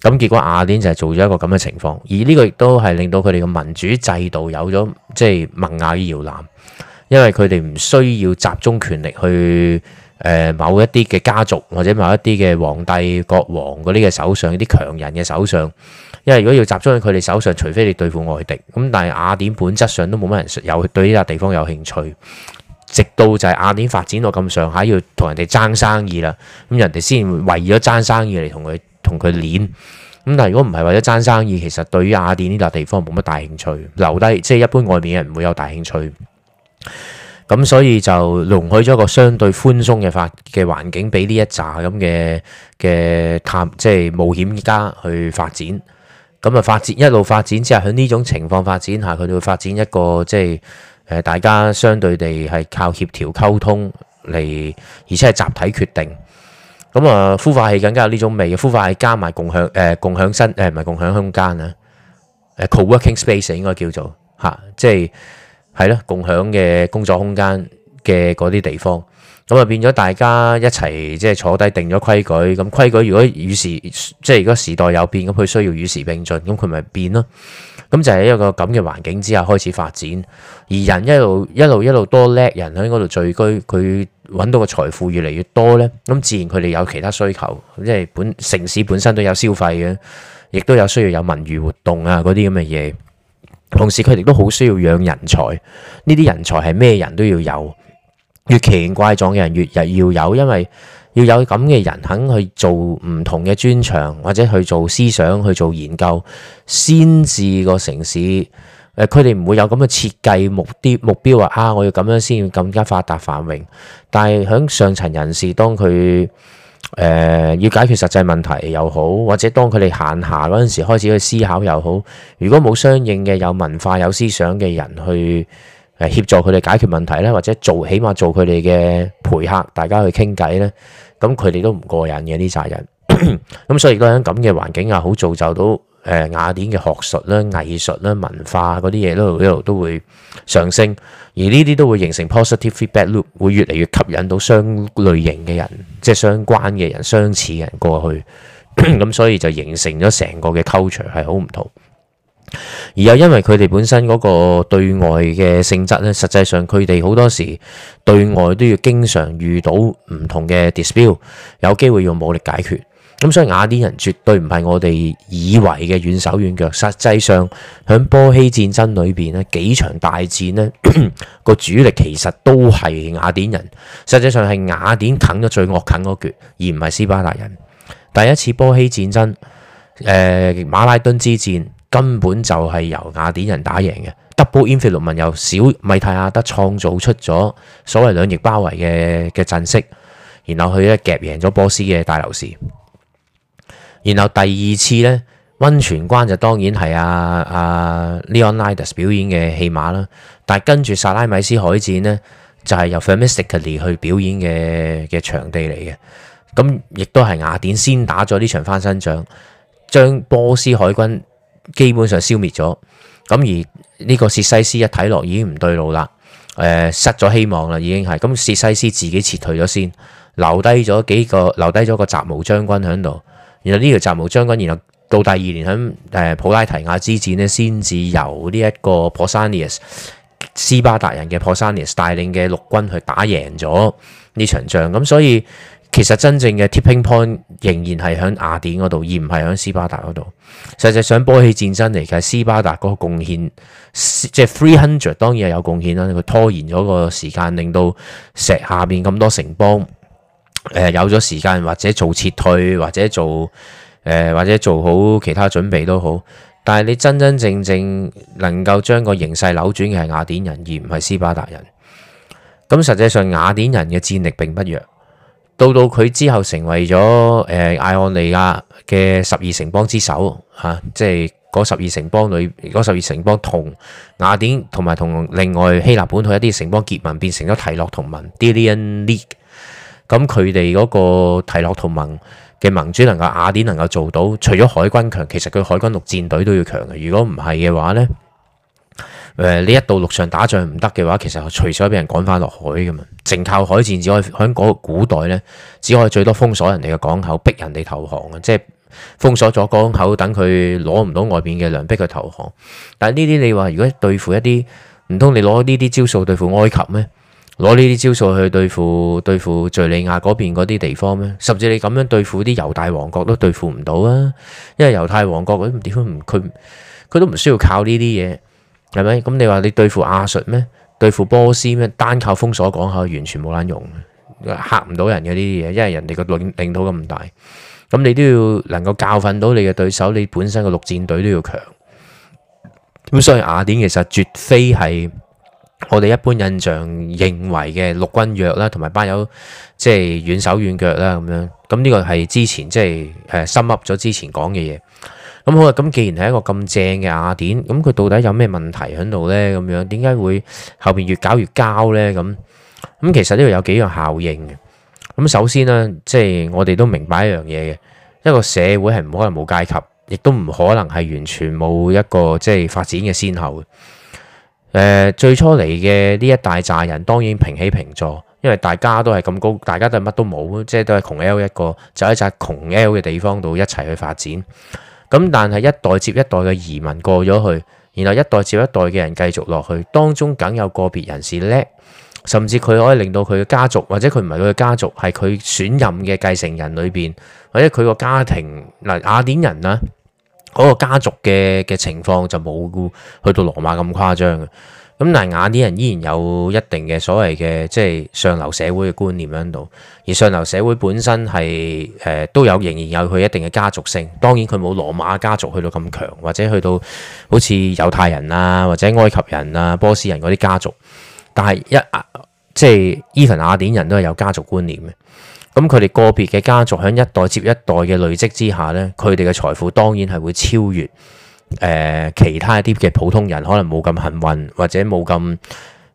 咁、嗯、結果，雅典就係做咗一個咁嘅情況，而呢個亦都係令到佢哋嘅民主制度有咗即係萌芽嘅搖籃，因為佢哋唔需要集中權力去。呃、某一啲嘅家族，或者某一啲嘅皇帝、國王嗰啲嘅手上，一啲強人嘅手上，因為如果要集中喺佢哋手上，除非你對付外敵，咁但係雅典本質上都冇乜人有對呢笪地方有興趣。直到就係雅典發展到咁上下，要同人哋爭生意啦，咁人哋先為咗爭生意嚟同佢同佢練。咁但係如果唔係為咗爭生意，其實對於雅典呢笪地方冇乜大興趣，留低即係一般外面嘅人唔會有大興趣。咁所以就容許咗一個相對寬鬆嘅發嘅環境，俾呢一紮咁嘅嘅探即係冒險家去發展。咁啊發展一路發展之下，喺呢種情況發展下，佢哋會發展一個即係誒大家相對地係靠協調溝通嚟，而且係集體決定。咁啊孵化器更加有呢種味嘅孵化器，加埋共享誒共享新誒唔係共享空間啊，Co-working Space 應該叫做吓，即係。係咯，共享嘅工作空間嘅嗰啲地方，咁啊變咗大家一齊即係坐低定咗規矩，咁規矩如果與時即係如果時代有變，咁佢需要與時並進，咁佢咪變咯？咁就係一個咁嘅環境之下開始發展，而人一路一路一路多叻，人喺嗰度聚居，佢揾到嘅財富越嚟越多呢。咁自然佢哋有其他需求，即係本城市本身都有消費嘅，亦都有需要有文娛活動啊嗰啲咁嘅嘢。同時，佢哋都好需要養人才。呢啲人才係咩人都要有，越奇形怪狀嘅人越要要有，因為要有咁嘅人肯去做唔同嘅專長，或者去做思想、去做研究，先至個城市。佢哋唔會有咁嘅設計目標目標話，啊，我要咁樣先要更加發達繁榮。但係喺上層人士，當佢誒、呃，要解決實際問題又好，或者當佢哋閒暇嗰陣時開始去思考又好，如果冇相應嘅有文化有思想嘅人去誒協助佢哋解決問題咧，或者做起碼做佢哋嘅陪客，大家去傾偈咧，咁佢哋都唔過癮嘅呢扎人。咁 所以而家喺咁嘅環境啊，好造就到。雅典嘅學術啦、藝術啦、文化嗰啲嘢，一路一路都會上升，而呢啲都會形成 positive feedback loop，會越嚟越吸引到相類型嘅人，即係相關嘅人、相似嘅人過去，咁所以就形成咗成個嘅 culture 係好唔同。而又因為佢哋本身嗰個對外嘅性質咧，實際上佢哋好多時對外都要經常遇到唔同嘅 dispute，有機會用武力解決。咁、嗯、所以雅典人絕對唔係我哋以為嘅軟手軟腳，實際上喺波希戰爭裏邊咧，幾場大戰呢個 主力其實都係雅典人，實際上係雅典啃咗最惡啃嗰橛，而唔係斯巴達人。第一次波希戰爭，誒、呃、馬拉頓之戰根本就係由雅典人打贏嘅。Double influence 由小米泰亞德創造出咗所謂兩翼包圍嘅嘅陣式，然後佢一夾贏咗波斯嘅大流士。然後第二次呢，温泉關就當然係阿、啊啊、Leonidas 表演嘅戲碼啦。但係跟住薩拉米斯海戰呢，就係、是、由 Themistocles 去表演嘅嘅場地嚟嘅。咁、嗯、亦都係雅典先打咗呢場翻身仗，將波斯海軍基本上消滅咗。咁而呢個薛西斯一睇落已經唔對路啦，誒、呃、失咗希望啦，已經係咁薛西斯自己撤退咗先，留低咗幾個留低咗個雜毛將軍喺度。然後呢條雜毛將軍，然後到第二年喺誒普拉提亞之戰咧，先至由呢一個 Pausanias 斯巴達人嘅 Pausanias 帶領嘅陸軍去打贏咗呢場仗。咁所以其實真正嘅 tipping point 仍然係喺雅典嗰度，而唔係喺斯巴達嗰度。實際上波起戰爭嚟嘅斯巴達嗰個貢獻，即係 three hundred，當然係有貢獻啦。佢拖延咗個時間，令到石下面咁多城邦。誒，有咗時間或者做撤退，或者做誒、呃，或者做好其他準備都好。但係你真真正正能夠將個形勢扭轉嘅係雅典人，而唔係斯巴達人。咁實際上雅典人嘅戰力並不弱，到到佢之後成為咗誒愛奧尼亞嘅十二城邦之首，吓、啊，即係嗰十二城邦裏嗰十二城邦同雅典同埋同另外希臘本土一啲城邦結盟，變成咗提洛同盟 咁佢哋嗰個提洛同盟嘅盟主，能夠雅典能夠做到，除咗海軍強，其實佢海軍陸戰隊都要強嘅。如果唔係嘅話呢，誒、呃、你一到陸上打仗唔得嘅話，其實隨時可以俾人趕翻落海嘅嘛。淨靠海戰只可以喺嗰個古代呢，只可以最多封鎖人哋嘅港口，逼人哋投降嘅，即係封鎖咗港口，等佢攞唔到外邊嘅糧，逼佢投降。但係呢啲你話，如果對付一啲唔通你攞呢啲招數對付埃及咩？攞呢啲招數去對付對付敍利亞嗰邊嗰啲地方咩？甚至你咁樣對付啲猶大王國都對付唔到啊！因為猶太王國佢點樣唔佢佢都唔需要靠呢啲嘢，係咪？咁你話你對付亞述咩？對付波斯咩？單靠封鎖港口完全冇撚用，嚇唔到人嘅呢啲嘢，因為人哋個領領土咁大，咁你都要能夠教訓到你嘅對手，你本身嘅陸戰隊都要強。咁所以雅典其實絕非係。我哋一般印象認為嘅陸軍弱啦，同埋班友即係軟手軟腳啦咁樣。咁呢個係之前即係誒深入咗之前講嘅嘢。咁好啦，咁既然係一個咁正嘅雅典，咁佢到底有咩問題喺度呢？咁樣點解會後邊越搞越膠呢？咁咁其實呢度有幾樣效應嘅。咁首先呢，即係我哋都明白一樣嘢嘅，一個社會係唔可能冇階級，亦都唔可能係完全冇一個即係發展嘅先後。誒最初嚟嘅呢一大扎人當然平起平坐，因為大家都係咁高，大家都係乜都冇，即係都係窮 L 一個，就喺一扎窮 L 嘅地方度一齊去發展。咁但係一代接一代嘅移民過咗去，然後一代接一代嘅人繼續落去，當中梗有個別人士叻，甚至佢可以令到佢嘅家族，或者佢唔係佢嘅家族，係佢選任嘅繼承人裏邊，或者佢個家庭，嗱，雅典人啊。嗰個家族嘅嘅情況就冇去到羅馬咁誇張嘅，咁但係雅典人依然有一定嘅所謂嘅即係上流社會嘅觀念喺度，而上流社會本身係誒都有仍然有佢一定嘅家族性，當然佢冇羅馬家族去到咁強，或者去到好似猶太人啊或者埃及人啊波斯人嗰啲家族但，但係一即係 even 雅典人都係有家族觀念嘅。咁佢哋個別嘅家族喺一代接一代嘅累積之下呢，佢哋嘅財富當然係會超越誒、呃、其他啲嘅普通人，可能冇咁幸運，或者冇咁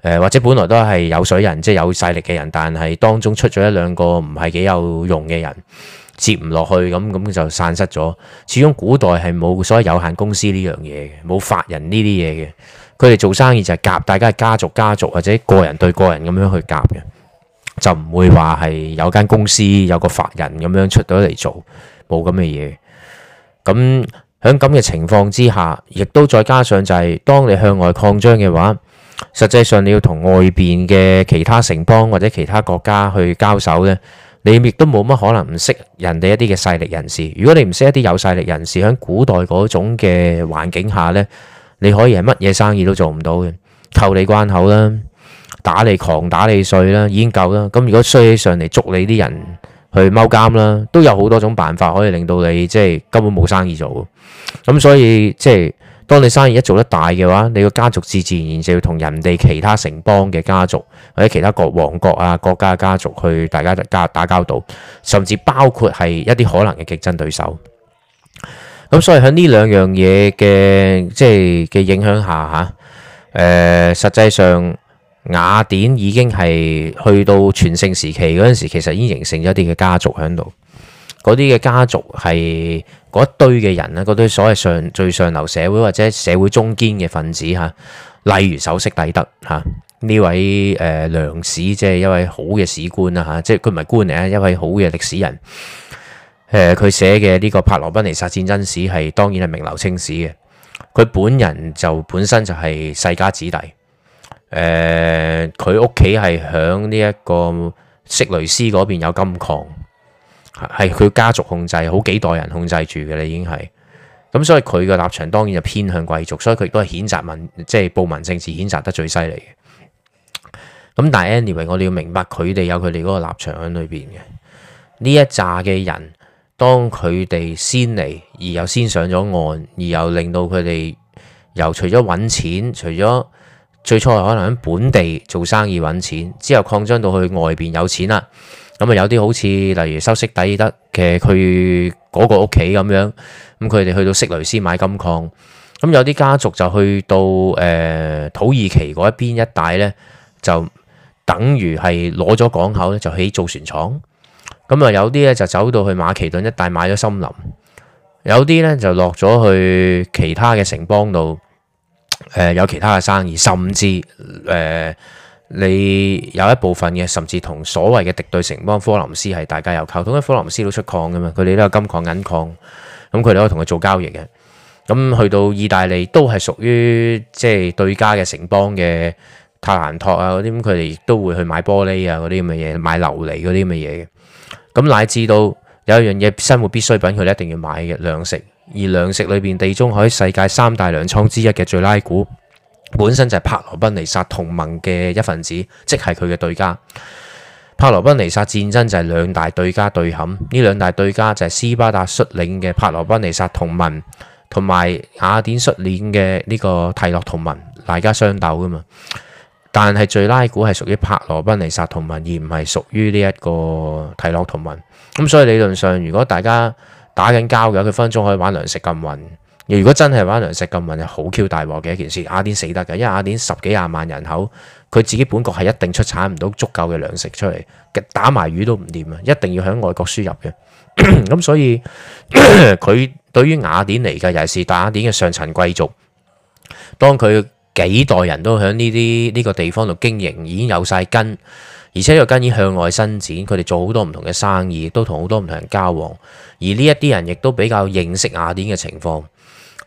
誒，或者本來都係有水人，即係有勢力嘅人，但係當中出咗一兩個唔係幾有用嘅人，接唔落去咁，咁就散失咗。始終古代係冇所謂有限公司呢樣嘢嘅，冇法人呢啲嘢嘅，佢哋做生意就係夾大家係家族家族或者個人對個人咁樣去夾嘅。就唔會話係有間公司有個法人咁樣出到嚟做，冇咁嘅嘢。咁喺咁嘅情況之下，亦都再加上就係，當你向外擴張嘅話，實際上你要同外邊嘅其他城邦或者其他國家去交手呢，你亦都冇乜可能唔識人哋一啲嘅勢力人士。如果你唔識一啲有勢力人士，喺古代嗰種嘅環境下呢，你可以係乜嘢生意都做唔到嘅，扣你關口啦。打你，狂打你稅啦，已經夠啦。咁如果衰起上嚟，捉你啲人去踎監啦，都有好多種辦法可以令到你即係根本冇生意做。咁所以即係當你生意一做得大嘅話，你個家族自自然然就要同人哋其他城邦嘅家族或者其他國王國啊國家嘅家族去大家打交道，甚至包括係一啲可能嘅競爭對手。咁所以喺呢兩樣嘢嘅即係嘅影響下吓，誒、呃，實際上。雅典已經係去到全盛時期嗰陣時，其實已經形成咗一啲嘅家族喺度。嗰啲嘅家族係嗰堆嘅人咧，嗰堆所謂上最上流社會或者社會中堅嘅分子嚇、啊，例如修昔底德嚇呢、啊、位誒良史，即係一位好嘅史官啊嚇，即係佢唔係官嚟啊，一位好嘅、啊、歷史人。誒、啊，佢寫嘅呢個《伯羅奔尼撒戰爭史》係當然係名留青史嘅。佢本人就本身就係世家子弟。誒，佢屋企係響呢一個色雷斯嗰邊有金礦，係佢家族控制，好幾代人控制住嘅啦，已經係咁，所以佢嘅立場當然就偏向貴族，所以佢亦都係譴責民，即係暴民政治譴責得最犀利嘅。咁但係，anyway，我哋要明白佢哋有佢哋嗰個立場喺裏邊嘅呢一紮嘅人，當佢哋先嚟，而又先上咗岸，而又令到佢哋又除咗搵錢，除咗。最初可能喺本地做生意揾錢，之後擴張到去外邊有錢啦。咁啊，有啲好似例如修昔底德嘅佢嗰個屋企咁樣，咁佢哋去到色雷斯買金礦。咁有啲家族就去到誒、呃、土耳其嗰一邊一帶呢，就等於係攞咗港口呢，就起造船廠。咁啊，有啲呢，就走到去馬其頓一帶買咗森林，有啲呢，就落咗去其他嘅城邦度。誒、呃、有其他嘅生意，甚至誒、呃、你有一部分嘅，甚至同所謂嘅敵對城邦科林斯係大家有溝通嘅，因為科林斯都出礦嘅嘛，佢哋都有金礦銀礦，咁佢都可以同佢做交易嘅。咁、嗯、去到意大利都係屬於即係對家嘅城邦嘅，泰蘭托啊嗰啲咁，佢哋都會去買玻璃啊嗰啲咁嘅嘢，買琉璃嗰啲咁嘅嘢嘅。咁乃至到有一樣嘢生活必需品，佢哋一定要買嘅糧食。而糧食裏邊地中海世界三大糧倉之一嘅敍拉古本身就係帕羅賓尼薩同盟嘅一份子，即係佢嘅對家。帕羅賓尼薩戰爭就係兩大對家對撼，呢兩大對家就係斯巴達率領嘅帕羅賓尼薩同盟，同埋雅典率領嘅呢個提洛同盟，大家相鬥㗎嘛。但係敍拉古係屬於帕羅賓尼薩同盟，而唔係屬於呢一個提洛同盟。咁所以理論上，如果大家，打緊交嘅，佢分分鐘可以玩糧食禁運。如果真係玩糧食禁運，好 Q 大鑊嘅一件事。雅典死得嘅，因為雅典十幾廿萬人口，佢自己本國係一定出產唔到足夠嘅糧食出嚟，打埋魚都唔掂啊！一定要喺外國輸入嘅。咁 所以佢 對於雅典嚟嘅，尤其是雅典嘅上層貴族，當佢幾代人都喺呢啲呢個地方度經營，已經有晒根。而且又跟住向外伸展，佢哋做好多唔同嘅生意，都同好多唔同人交往。而呢一啲人亦都比較認識雅典嘅情況，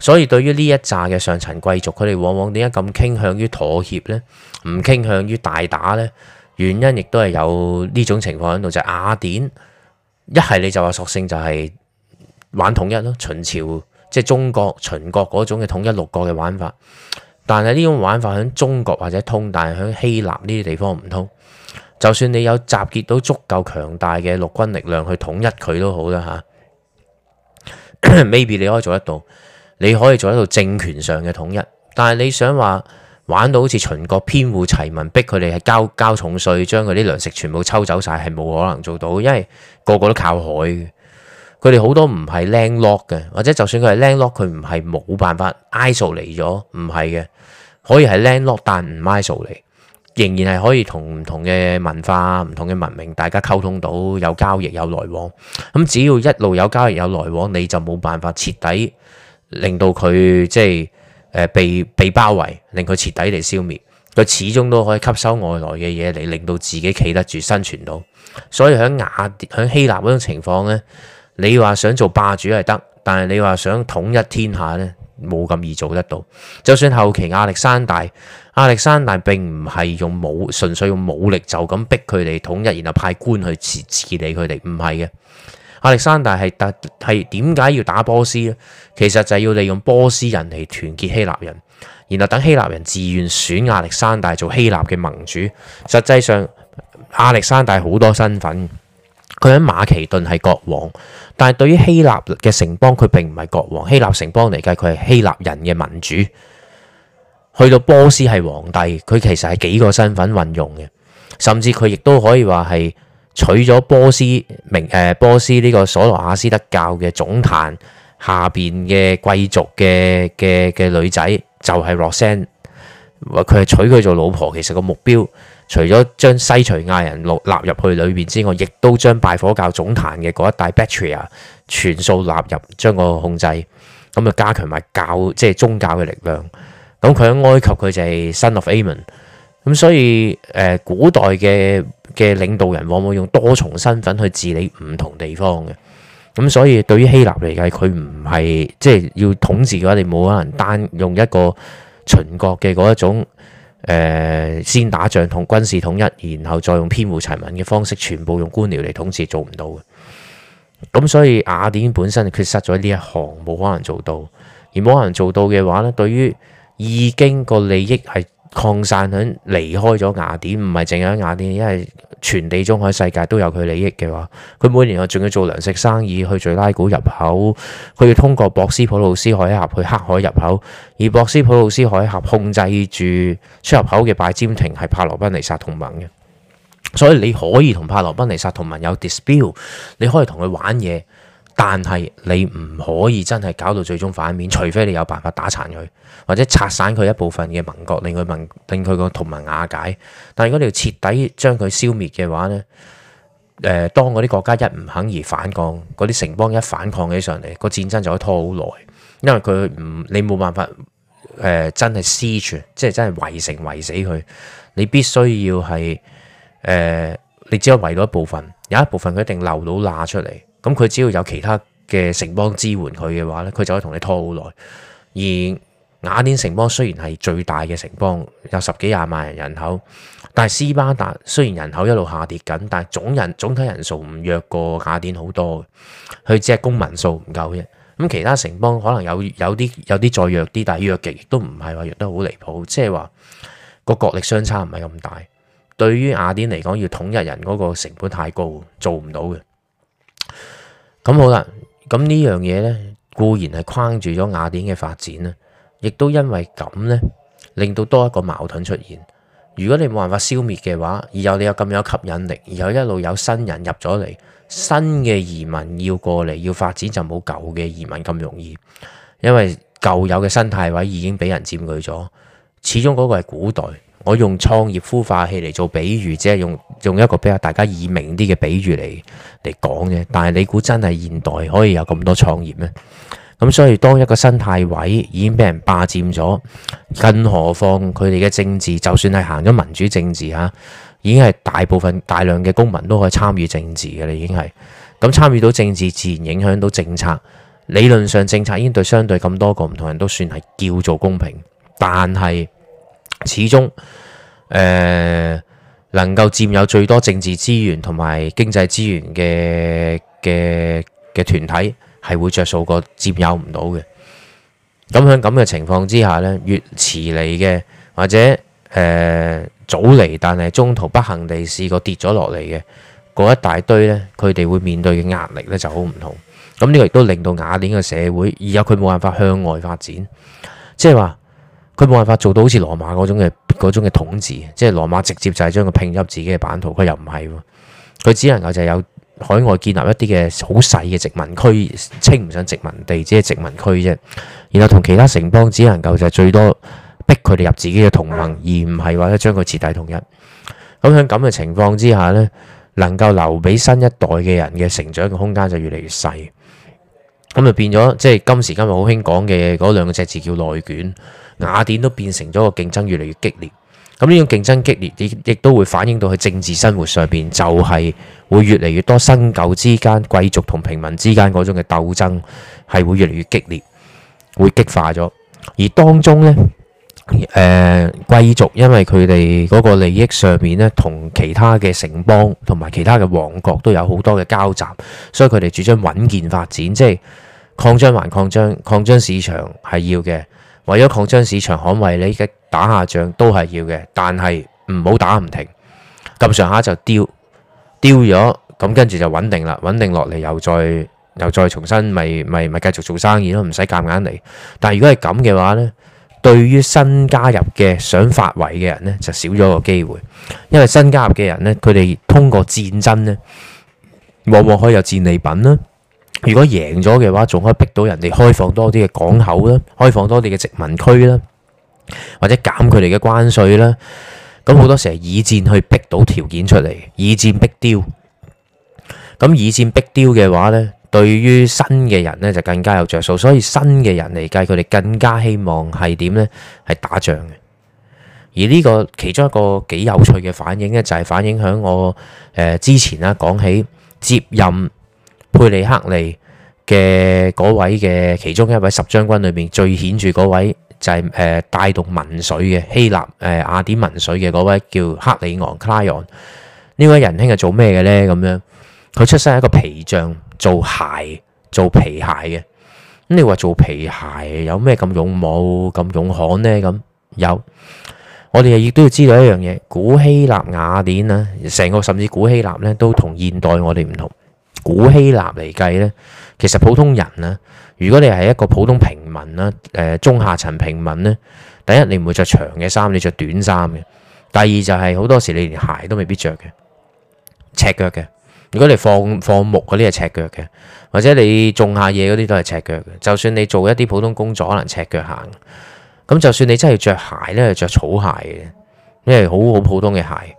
所以對於呢一紮嘅上層貴族，佢哋往往點解咁傾向於妥協咧？唔傾向於大打咧？原因亦都係有呢種情況喺度，就係雅典一係你就話索性就係玩統一咯，秦朝即係中國秦國嗰種嘅統一六國嘅玩法。但係呢種玩法響中國或者通，但係響希臘呢啲地方唔通。就算你有集結到足夠強大嘅六軍力量去統一佢都好啦吓，maybe 你可以做得到，你可以做得到政權上嘅統一。但係你想話玩到好似秦國編戶齊民，逼佢哋係交交重稅，將佢啲糧食全部抽走晒，係冇可能做到，因為個個都靠海，佢哋好多唔係 l a l o c k 嘅，或者就算佢係 l a l o c k 佢唔係冇辦法 isol 嚟咗，唔係嘅，可以係 l a l o c k 但唔 isol 嚟。仍然係可以同唔同嘅文化、唔同嘅文明，大家溝通到有交易、有來往。咁只要一路有交易、有來往，你就冇辦法徹底令到佢即係、呃、被被包圍，令佢徹底嚟消滅。佢始終都可以吸收外來嘅嘢嚟令到自己企得住、生存到。所以喺雅喺希臘嗰種情況呢，你話想做霸主係得，但係你話想統一天下呢？冇咁易做得到。就算後期亞歷山大，亞歷山大並唔係用武，純粹用武力就咁逼佢哋統一，然後派官去治治理佢哋，唔係嘅。亞歷山大係特係點解要打波斯呢？其實就係要利用波斯人嚟團結希臘人，然後等希臘人自願選亞歷山大做希臘嘅盟主。實際上，亞歷山大好多身份。佢喺馬其頓係國王，但係對於希臘嘅城邦，佢並唔係國王。希臘城邦，嚟計，佢係希臘人嘅民主。去到波斯，係皇帝，佢其實係幾個身份運用嘅，甚至佢亦都可以話係娶咗波斯明誒，波斯呢個索羅亞斯德教嘅總壇下邊嘅貴族嘅嘅嘅女仔，就係羅珊，佢係娶佢做老婆。其實個目標。除咗將西徐亞人落納入去裏面之外，亦都將拜火教總壇嘅嗰一大 Bactria 啊，全數納入，將個控制，咁就加強埋教即係宗教嘅力量。咁佢喺埃及，佢就係 son of Amen。咁所以誒、呃，古代嘅嘅領導人往往用多重身份去治理唔同地方嘅。咁所以對於希臘嚟計，佢唔係即係要統治嘅話，你冇可能單用一個秦國嘅嗰一種。誒，先打仗同軍事統一，然後再用編戶齊民嘅方式，全部用官僚嚟統治，做唔到嘅。咁所以雅典本身缺失咗呢一行，冇可能做到，而冇可能做到嘅話咧，對於已經個利益係。擴散響離開咗雅典，唔係淨係喺雅典，因為全地中海世界都有佢利益嘅話，佢每年我仲要做糧食生意去敍拉古入口，佢要通過博斯普魯斯海峽去黑海入口，而博斯普魯斯海峽控制住出入口嘅拜占庭係帕羅賓尼薩同盟嘅，所以你可以同帕羅賓尼薩同盟有 dispute，你可以同佢玩嘢。但係你唔可以真係搞到最終反面，除非你有辦法打殘佢，或者拆散佢一部分嘅盟國，令佢盟令佢個同盟瓦解。但係如果你要徹底將佢消滅嘅話呢，誒、呃、當嗰啲國家一唔肯而反抗，嗰啲城邦一反抗起上嚟，個戰爭就可拖好耐，因為佢唔你冇辦法誒、呃、真係施全，即係真係圍城圍死佢。你必須要係誒、呃，你只有圍到一部分，有一部分佢一定留到罅出嚟。咁佢只要有其他嘅城邦支援佢嘅話，咧，佢就可以同你拖好耐。而雅典城邦雖然係最大嘅城邦，有十幾廿萬人人口，但係斯巴達雖然人口一路下跌緊，但係總人總體人數唔弱過雅典好多嘅。佢只係公民數唔夠啫。咁其他城邦可能有有啲有啲再弱啲，但係弱極亦都唔係話弱得好離譜，即係話個國力相差唔係咁大。對於雅典嚟講，要統一人嗰個成本太高，做唔到嘅。咁好啦，咁呢樣嘢呢，固然係框住咗雅典嘅發展啦，亦都因為咁呢，令到多一個矛盾出現。如果你冇辦法消滅嘅話，而有你又咁有吸引力，而有一路有新人入咗嚟，新嘅移民要過嚟要發展就冇舊嘅移民咁容易，因為舊有嘅生態位已經俾人佔據咗，始終嗰個係古代。我用創業孵化器嚟做比喻，即係用用一個比較大家易明啲嘅比喻嚟嚟講嘅。但係你估真係現代可以有咁多創業咩？咁所以當一個生態位已經俾人霸佔咗，更何況佢哋嘅政治，就算係行咗民主政治吓，已經係大部分大量嘅公民都可以參與政治嘅啦。已經係咁參與到政治，自然影響到政策。理論上政策已經對相對咁多個唔同人都算係叫做公平，但係。始終誒、呃，能夠佔有最多政治資源同埋經濟資源嘅嘅嘅團體着，係會著數過佔有唔到嘅。咁喺咁嘅情況之下咧，越遲嚟嘅或者誒、呃、早嚟，但係中途不幸地試過跌咗落嚟嘅嗰一大堆呢，佢哋會面對嘅壓力呢就好唔同。咁呢個亦都令到雅典嘅社會，而家佢冇辦法向外發展，即係話。佢冇辦法做到好似羅馬嗰種嘅嗰種嘅統治，即係羅馬直接就係將佢拼入自己嘅版圖。佢又唔係，佢只能夠就係有海外建立一啲嘅好細嘅殖民區，稱唔上殖民地，只係殖民區啫。然後同其他城邦只能夠就係最多逼佢哋入自己嘅同盟，而唔係話咧將佢徹底統一。咁喺咁嘅情況之下呢，能夠留俾新一代嘅人嘅成長嘅空間就越嚟越細。咁就變咗，即係今時今日好興講嘅嗰兩個只字叫內卷。雅典都變成咗個競爭越嚟越激烈，咁呢種競爭激烈，亦亦都會反映到去政治生活上邊，就係、是、會越嚟越多新舊之間、貴族同平民之間嗰種嘅鬥爭係會越嚟越激烈，會激化咗。而當中呢，誒、呃、貴族因為佢哋嗰個利益上面呢，同其他嘅城邦同埋其他嘅王國都有好多嘅交集，所以佢哋主張穩健發展，即係擴張還擴張，擴張市場係要嘅。為咗擴張市場，捍衛你嘅，打下仗都係要嘅，但係唔好打唔停，咁上下就丟丟咗，咁跟住就穩定啦，穩定落嚟又再又再重新咪咪咪繼續做生意咯，唔使夾硬嚟。但係如果係咁嘅話咧，對於新加入嘅想發圍嘅人咧，就少咗個機會，因為新加入嘅人咧，佢哋通過戰爭咧，往往可以有戰利品啦。如果贏咗嘅話，仲可以逼到人哋開放多啲嘅港口啦，開放多啲嘅殖民區啦，或者減佢哋嘅關稅啦。咁好多時係以戰去逼到條件出嚟，以戰逼刁。咁以戰逼刁嘅話呢，對於新嘅人呢就更加有着數，所以新嘅人嚟計，佢哋更加希望係點呢？係打仗嘅。而呢個其中一個幾有趣嘅反應呢，就係、是、反映響我誒之前啦講起接任佩利克利嘅嗰位嘅其中一位十將軍裏面最顯著嗰位就係誒，帶動民粹嘅希臘誒，雅典民粹嘅嗰位叫克里昂 Cleon 呢位仁兄係做咩嘅呢？咁樣佢出生係一個皮匠，做鞋做皮鞋嘅。咁你話做皮鞋有咩咁勇武咁勇悍呢？咁有我哋亦都要知道一樣嘢，古希臘雅典啊，成個甚至古希臘咧都同現代我哋唔同。古希臘嚟計呢。其實普通人啦，如果你係一個普通平民啦，誒、呃、中下層平民咧，第一你唔會着長嘅衫，你着短衫嘅；第二就係好多時你連鞋都未必着嘅，赤腳嘅。如果你放放牧嗰啲係赤腳嘅，或者你種下嘢嗰啲都係赤腳嘅。就算你做一啲普通工作，可能赤腳行。咁就算你真係着鞋咧，係著草鞋嘅，因為好好普通嘅鞋。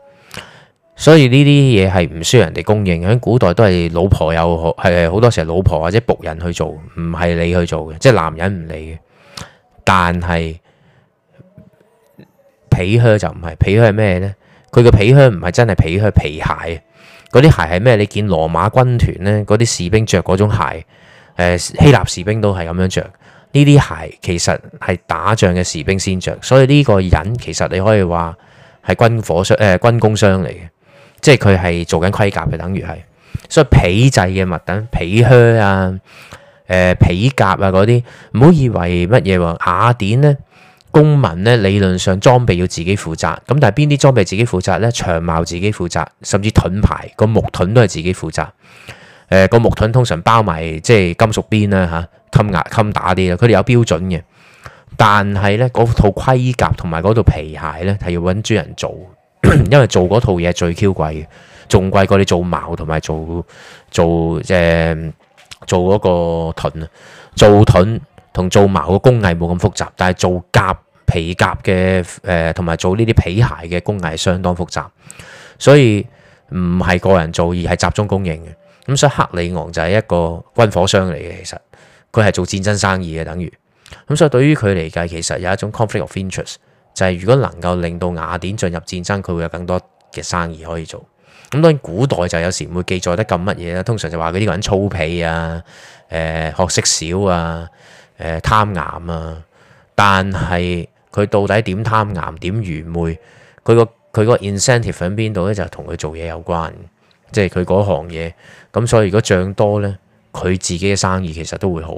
所以呢啲嘢係唔需要人哋供應，喺古代都係老婆有，係好多時候老婆或者僕人去做，唔係你去做嘅，即係男人唔理嘅。但係皮靴就唔係，皮靴係咩呢？佢嘅皮靴唔係真係皮靴皮鞋，嗰啲鞋係咩？你見羅馬軍團呢，嗰啲士兵着嗰種鞋，誒、希臘士兵都係咁樣着。呢啲鞋其實係打仗嘅士兵先着。所以呢個人其實你可以話係軍火商誒、呃、軍工商嚟嘅。即係佢係做緊盔甲嘅，等於係，所以皮製嘅物品、皮靴啊、誒、呃、皮甲啊嗰啲，唔好以為乜嘢喎。雅典咧，公民咧，理論上裝備要自己負責。咁但係邊啲裝備自己負責咧？長矛自己負責，甚至盾牌個木盾都係自己負責。誒、呃、個木盾通常包埋即係金屬邊啦嚇，襟牙襟打啲啦，佢哋有標準嘅。但係咧，嗰套盔甲同埋嗰套皮鞋咧，係要揾專人做。因為做嗰套嘢最 Q 貴，仲貴過你做矛同埋做做誒、呃、做嗰個盾啊，做盾同做矛嘅工藝冇咁複雜，但係做甲皮甲嘅誒同埋做呢啲皮鞋嘅工藝係相當複雜，所以唔係個人做而係集中供應嘅。咁所以克里昂就係一個軍火商嚟嘅，其實佢係做戰爭生意嘅，等於咁所以對於佢嚟計，其實有一種 conflict of interest。就係如果能夠令到雅典進入戰爭，佢會有更多嘅生意可以做。咁當然古代就有時唔會記載得咁乜嘢啦，通常就話佢呢個人粗鄙啊、誒、呃、學識少啊、誒、呃、貪婪啊。但係佢到底點貪婪，點愚昧？佢個佢個 incentive 喺邊度咧？就同、是、佢做嘢有關，即係佢嗰行嘢。咁所以如果仗多咧，佢自己嘅生意其實都會好。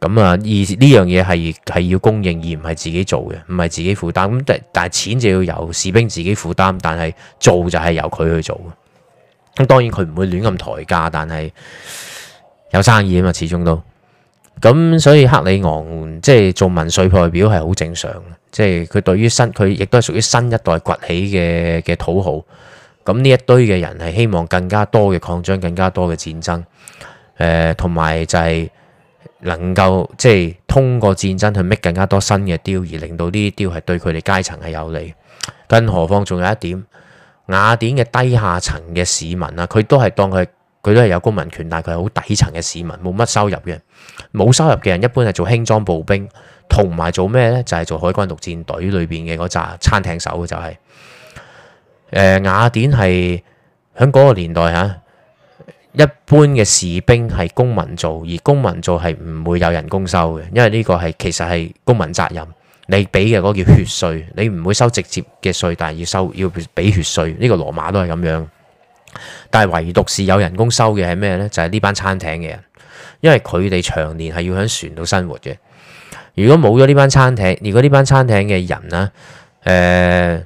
咁啊，而呢樣嘢，係係要供應，而唔係自己做嘅，唔係自己負擔。咁但但係錢就要由士兵自己負擔，但係做就係由佢去做。咁當然佢唔會亂咁抬價，但係有生意啊嘛，始終都。咁所以克里昂即係、就是、做民粹派代表係好正常，即係佢對於新佢亦都係屬於新一代崛起嘅嘅土豪。咁呢一堆嘅人係希望更加多嘅擴張，更加多嘅戰爭。誒、呃，同埋就係、是。能夠即係通過戰爭去搣更加多新嘅鵰，而令到呢啲鵰係對佢哋階層係有利。更何況仲有一點，雅典嘅低下層嘅市民呀，佢都係當佢，佢都係有公民權，但係佢係好底層嘅市民，冇乜收入嘅。冇收入嘅人一般係做輕裝步兵，同埋做咩呢？就係、是、做海軍陸戰隊裏邊嘅嗰扎餐廳手嘅就係、是。誒、呃，雅典係喺嗰個年代吓。一般嘅士兵係公民做，而公民做係唔會有人工收嘅，因為呢個係其實係公民責任，你俾嘅嗰個叫血稅，你唔會收直接嘅稅，但係要收要俾血稅。呢、這個羅馬都係咁樣，但係唯獨是有人工收嘅係咩呢？就係、是、呢班餐廳嘅人，因為佢哋長年係要喺船度生活嘅。如果冇咗呢班餐廳，如果呢班餐廳嘅人呢，誒、呃、誒、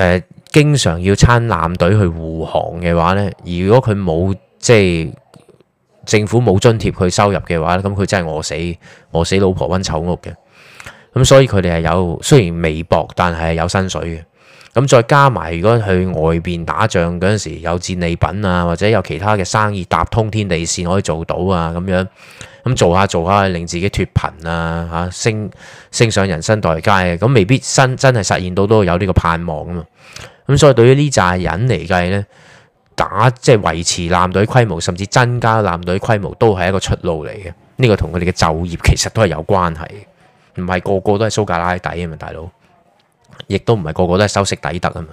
呃、經常要參艦隊去護航嘅話呢，如果佢冇，即係政府冇津貼佢收入嘅話咧，咁佢真係餓死餓死老婆溫臭屋嘅。咁所以佢哋係有雖然微薄，但係有薪水嘅。咁再加埋，如果去外邊打仗嗰陣時有戰利品啊，或者有其他嘅生意搭通天地線可以做到啊咁樣。咁做下做下令自己脫貧啊嚇、啊，升升上人生代階嘅，咁未必真真係實現到都有呢個盼望啊嘛。咁所以對於呢扎人嚟計呢。打即係維持艦隊規模，甚至增加艦隊規模都係一個出路嚟嘅。呢、這個同佢哋嘅就業其實都係有關係。唔係個個都係蘇格拉底啊嘛，大佬，亦都唔係個個都係修昔底德啊嘛，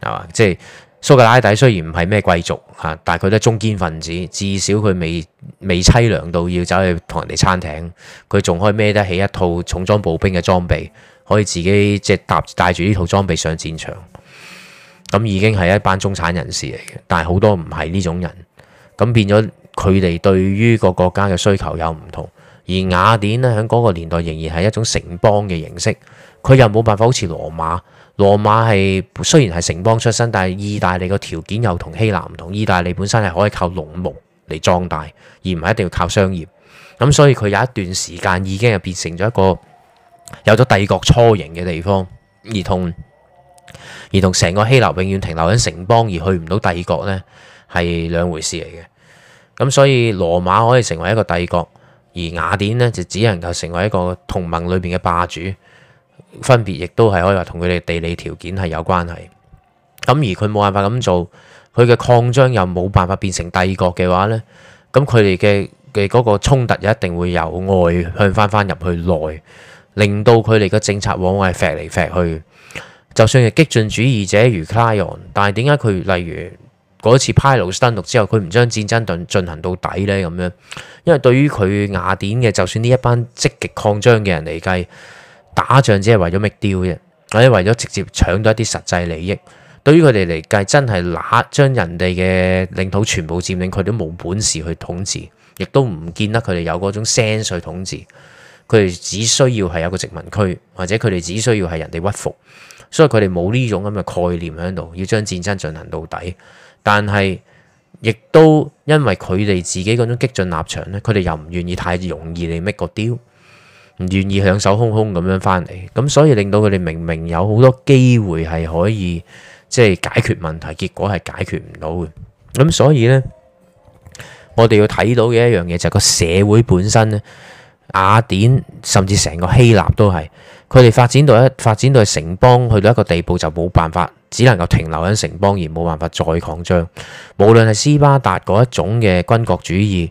係嘛？即係蘇格拉底雖然唔係咩貴族吓、啊，但係佢都係中堅分子，至少佢未未淒涼到要走去同人哋撐艇，佢仲可以孭得起一套重裝步兵嘅裝備，可以自己即係搭帶住呢套裝備上戰場。咁已經係一班中產人士嚟嘅，但係好多唔係呢種人，咁變咗佢哋對於個國家嘅需求有唔同。而雅典呢，喺嗰個年代仍然係一種城邦嘅形式，佢又冇辦法好似羅馬。羅馬係雖然係城邦出身，但係意大利個條件又同希臘唔同。意大利本身係可以靠農牧嚟壯大，而唔係一定要靠商業。咁所以佢有一段時間已經係變成咗一個有咗帝國初型嘅地方，而同。而同成個希臘永遠停留喺城邦而去唔到帝國呢，係兩回事嚟嘅。咁所以羅馬可以成為一個帝國，而雅典呢，就只能夠成為一個同盟裏面嘅霸主，分別亦都係可以話同佢哋地理條件係有關係。咁而佢冇辦法咁做，佢嘅擴張又冇辦法變成帝國嘅話呢，咁佢哋嘅嘅嗰個衝突一定會由外向翻翻入去內，令到佢哋嘅政策往往係揈嚟揈去。就算係激進主義者如 Cleon，但係點解佢例如嗰次 Pylos 登陸之後，佢唔將戰爭進行到底呢？咁樣，因為對於佢雅典嘅，就算呢一班積極擴張嘅人嚟計，打仗只係為咗乜嘢？掉啫，或者為咗直接搶到一啲實際利益。對於佢哋嚟計，真係拿將人哋嘅領土全部佔領，佢都冇本事去統治，亦都唔見得佢哋有嗰種 sense 去統治。佢哋只需要係有個殖民區，或者佢哋只需要係人哋屈服。所以佢哋冇呢種咁嘅概念喺度，要將戰爭進行到底。但係亦都因為佢哋自己嗰種激進立場咧，佢哋又唔願意太容易嚟搣個雕，唔願意兩手空空咁樣翻嚟。咁所以令到佢哋明明有好多機會係可以即係、就是、解決問題，結果係解決唔到嘅。咁所以咧，我哋要睇到嘅一樣嘢就係個社會本身咧，雅典甚至成個希臘都係。佢哋發展到一發展到城邦去到一個地步就冇辦法，只能夠停留喺城邦而冇辦法再擴張。無論係斯巴達嗰一種嘅軍國主義、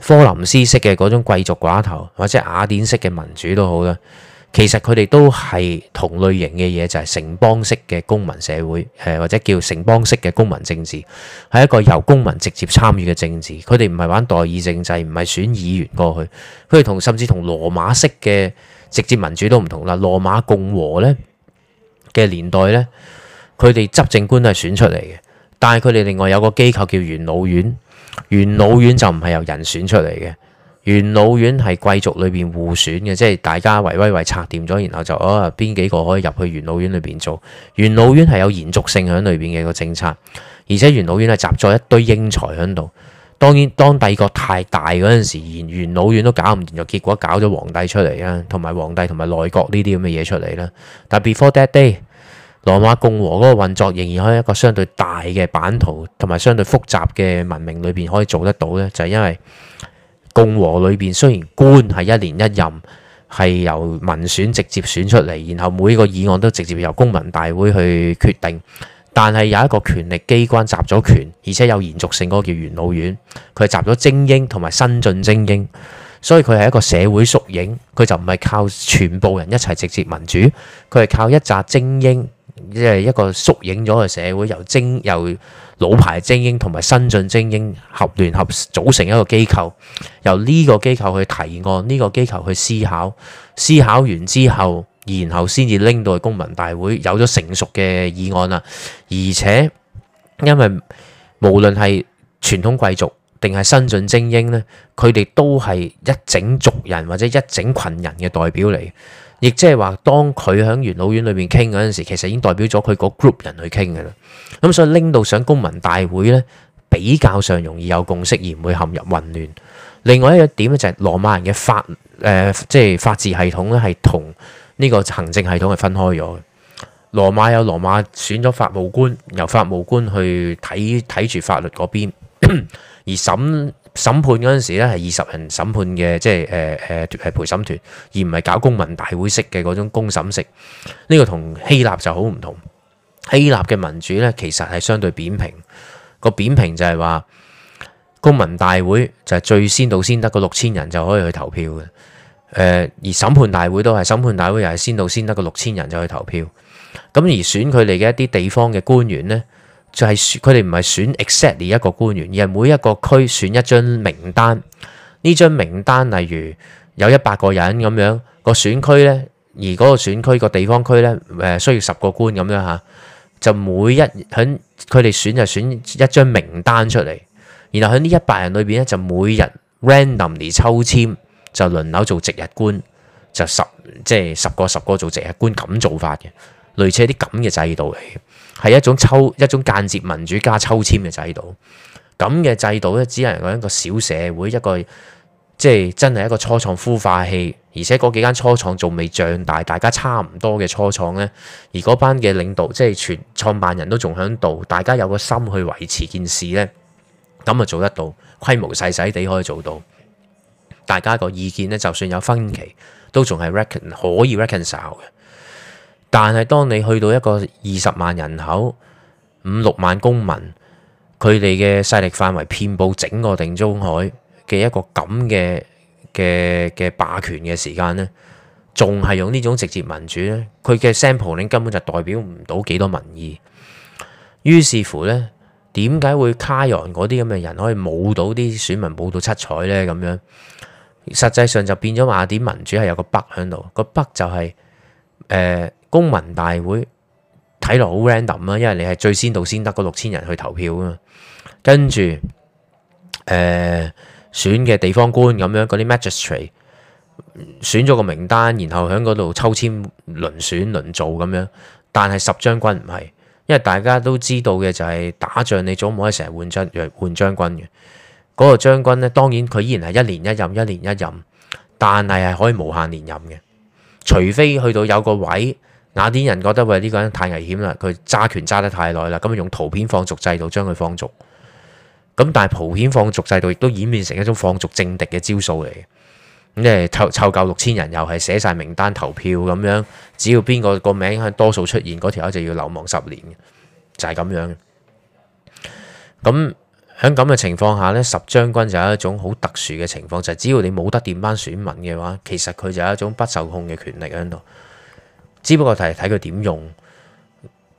科林斯式嘅嗰種貴族寡頭，或者雅典式嘅民主都好啦。其實佢哋都係同類型嘅嘢，就係城邦式嘅公民社會，或者叫城邦式嘅公民政治，係一個由公民直接參與嘅政治。佢哋唔係玩代議政制，唔係選議員過去。佢哋同甚至同羅馬式嘅，直接民主都唔同啦，羅馬共和呢嘅年代呢，佢哋執政官都係選出嚟嘅，但係佢哋另外有個機構叫元老院，元老院就唔係由人選出嚟嘅，元老院係貴族裏邊互選嘅，即係大家圍威為拆掂咗，然後就啊邊幾個可以入去元老院裏邊做。元老院係有延續性喺裏邊嘅個政策，而且元老院係集咗一堆英才喺度。當然，當帝國太大嗰陣時，連元老院都搞唔掂咗，結果搞咗皇帝出嚟啊，同埋皇帝同埋內閣呢啲咁嘅嘢出嚟啦。但係 before that day，羅馬共和嗰個運作仍然喺一個相對大嘅版圖同埋相對複雜嘅文明裏邊可以做得到呢，就係因為共和裏邊雖然官係一年一任，係由民選直接選出嚟，然後每個議案都直接由公民大會去決定。但係有一個權力機關集咗權，而且有延續性，嗰個叫元老院。佢係集咗精英同埋新進精英，所以佢係一個社會縮影。佢就唔係靠全部人一齊直接民主，佢係靠一紮精英，即係一個縮影咗嘅社會，由精由老牌精英同埋新進精英聯合聯合組成一個機構，由呢個機構去提案，呢個機構去思考，思考完之後。然後先至拎到去公民大會，有咗成熟嘅議案啦。而且因為無論係傳統貴族定係新進精英呢，佢哋都係一整族人或者一整群人嘅代表嚟，亦即係話當佢喺元老院裏面傾嗰陣時，其實已經代表咗佢個 group 人去傾㗎啦。咁所以拎到上公民大會呢，比較上容易有共識，而唔會陷入混亂。另外一點咧，就係羅馬人嘅法，誒、呃，即係法治系統咧，係同。呢個行政系統係分開咗嘅。羅馬有羅馬選咗法務官，由法務官去睇睇住法律嗰邊，而審審判嗰陣時咧係二十人審判嘅，即係誒誒陪審團，而唔係搞公民大會式嘅嗰種公審式。呢個同希臘就好唔同。希臘嘅民主呢，其實係相對扁平，個扁平就係話公民大會就係最先到先得個六千人就可以去投票嘅。誒，而審判大會都係審判大會，又係先到先得個六千人就去投票。咁而選佢哋嘅一啲地方嘅官員咧，就係佢哋唔係選，選 exactly 一個官員，而係每一個區選一張名單。呢張名單例如有一百個人咁樣，個選區咧，而嗰個選區個地方區咧，誒、呃、需要十個官咁樣吓，就每一喺佢哋選就選一張名單出嚟，然後喺呢一百人裏邊咧就每日 randomly 抽簽。就輪流做值日官，就十即係十個十個做值日官咁做法嘅，類似啲咁嘅制度嚟，係一種抽一種間接民主加抽簽嘅制度。咁嘅制度咧，只能夠講一個小社會，一個即係真係一個初創孵化器，而且嗰幾間初創仲未漲大，大家差唔多嘅初創咧，而嗰班嘅領導即係全創辦人都仲喺度，大家有個心去維持件事咧，咁啊做得到，規模細細地可以做到。大家個意見咧，就算有分歧，都仲係 r e c o n 可以 reconcile 嘅。但係當你去到一個二十萬人口、五六萬公民，佢哋嘅勢力範圍遍佈整個地中海嘅一個咁嘅嘅嘅霸權嘅時間咧，仲係用呢種直接民主咧，佢嘅 sample 你根本就代表唔到幾多民意。於是乎咧，點解會卡揚嗰啲咁嘅人可以舞到啲選民舞到七彩咧咁樣？實際上就變咗雅典民主係有個 bug 喺度，個 bug 就係、是、誒、呃、公民大會睇落好 random 啊，因為你係最先到先得嗰六千人去投票啊，跟住誒選嘅地方官咁樣嗰啲 magistrate 選咗個名單，然後喺嗰度抽籤輪選輪做咁樣，但係十將軍唔係，因為大家都知道嘅就係、是、打仗你總冇得成日換將，換將軍嘅。嗰個將軍咧，當然佢依然係一年一任，一年一任，但係係可以無限連任嘅，除非去到有個位，雅典人覺得喂，呢個人太危險啦，佢揸權揸得太耐啦，咁用陶片放逐制度將佢放逐。咁但係陶片放逐制度亦都演變成一種放逐政敵嘅招數嚟嘅。咁即係湊湊夠六千人又係寫晒名單投票咁樣，只要邊個個名喺多數出現，嗰條友就要流亡十年，就係咁樣咁。喺咁嘅情況下咧，十將軍就有一種好特殊嘅情況，就係只要你冇得掂班選民嘅話，其實佢就係一種不受控嘅權力喺度。只不過睇睇佢點用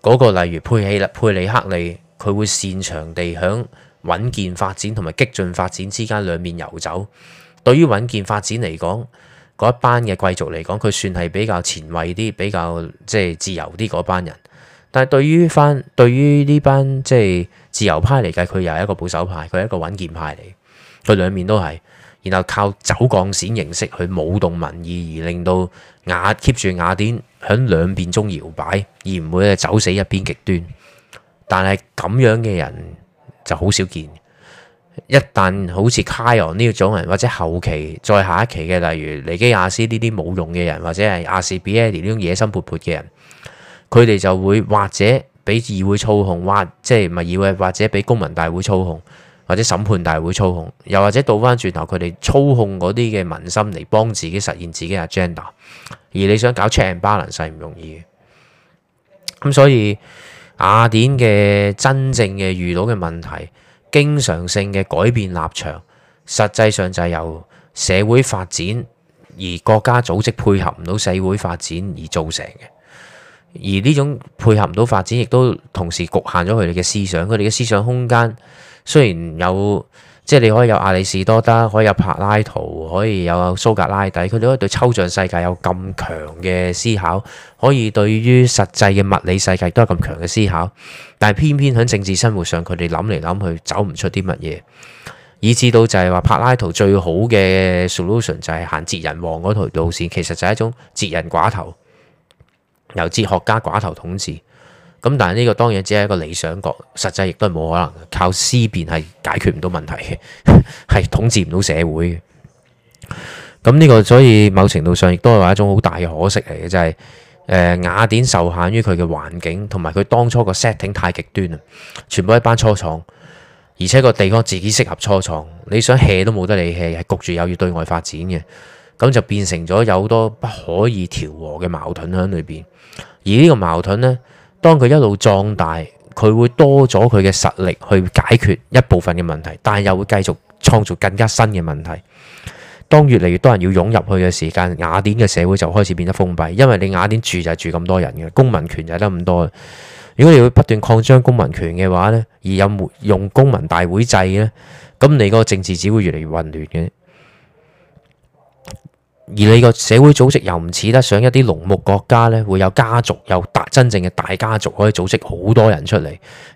嗰個。例如佩希勒、佩里克利，佢會擅長地喺穩健發展同埋激進發展之間兩面游走。對於穩健發展嚟講，嗰一班嘅貴族嚟講，佢算係比較前衛啲、比較即係自由啲嗰班人。但係對於翻對於呢班即係。自由派嚟計，佢又係一個保守派，佢係一個穩健派嚟，佢兩面都係，然後靠走鋼線形式去舞動民意，而令到雅 keep 住雅典喺兩邊中搖擺，而唔會走死一邊極端。但係咁樣嘅人就好少見。一旦好似卡昂呢種人，或者後期再下一期嘅，例如尼基亞斯呢啲冇用嘅人，或者係亞斯比埃尼呢種野心勃勃嘅人，佢哋就會或者。俾議會操控，或即係唔係議會，或者俾公民大會操控，或者審判大會操控，又或者倒翻轉頭，佢哋操控嗰啲嘅民心嚟幫自己實現自己嘅 agenda。而你想搞 check and balance 唔容易嘅。咁所以雅典嘅真正嘅遇到嘅問題，經常性嘅改變立場，實際上就係由社會發展而國家組織配合唔到社會發展而造成嘅。而呢種配合唔到發展，亦都同時局限咗佢哋嘅思想，佢哋嘅思想空間雖然有，即係你可以有阿里士多德，可以有柏拉圖，可以有蘇格拉底，佢哋可以對抽象世界有咁強嘅思考，可以對於實際嘅物理世界都有咁強嘅思考，但係偏偏喺政治生活上，佢哋諗嚟諗去走唔出啲乜嘢，以至到就係話柏拉圖最好嘅 solution 就係行哲人王嗰條路線，其實就係一種哲人寡頭。由哲學家寡頭統治，咁但係呢個當然只係一個理想國，實際亦都係冇可能，靠思辨係解決唔到問題嘅，係 統治唔到社會嘅。咁呢個所以某程度上亦都係一種好大嘅可惜嚟嘅，就係、是、誒、呃、雅典受限於佢嘅環境，同埋佢當初個 setting 太極端啦，全部一班初創，而且個地方自己適合初創，你想 hea 都冇得你 hea 係焗住又要對外發展嘅。咁就變成咗有好多不可以調和嘅矛盾喺裏邊，而呢個矛盾呢，當佢一路壯大，佢會多咗佢嘅實力去解決一部分嘅問題，但係又會繼續創造更加新嘅問題。當越嚟越多人要湧入去嘅時間，雅典嘅社會就開始變得封閉，因為你雅典住就係住咁多人嘅，公民權就得咁多。如果你會不斷擴張公民權嘅話呢，而有用公民大會制呢，咁你個政治只會越嚟越混亂嘅。而你個社會組織又唔似得上一啲農牧國家呢，會有家族有大，真正嘅大家族可以組織好多人出嚟，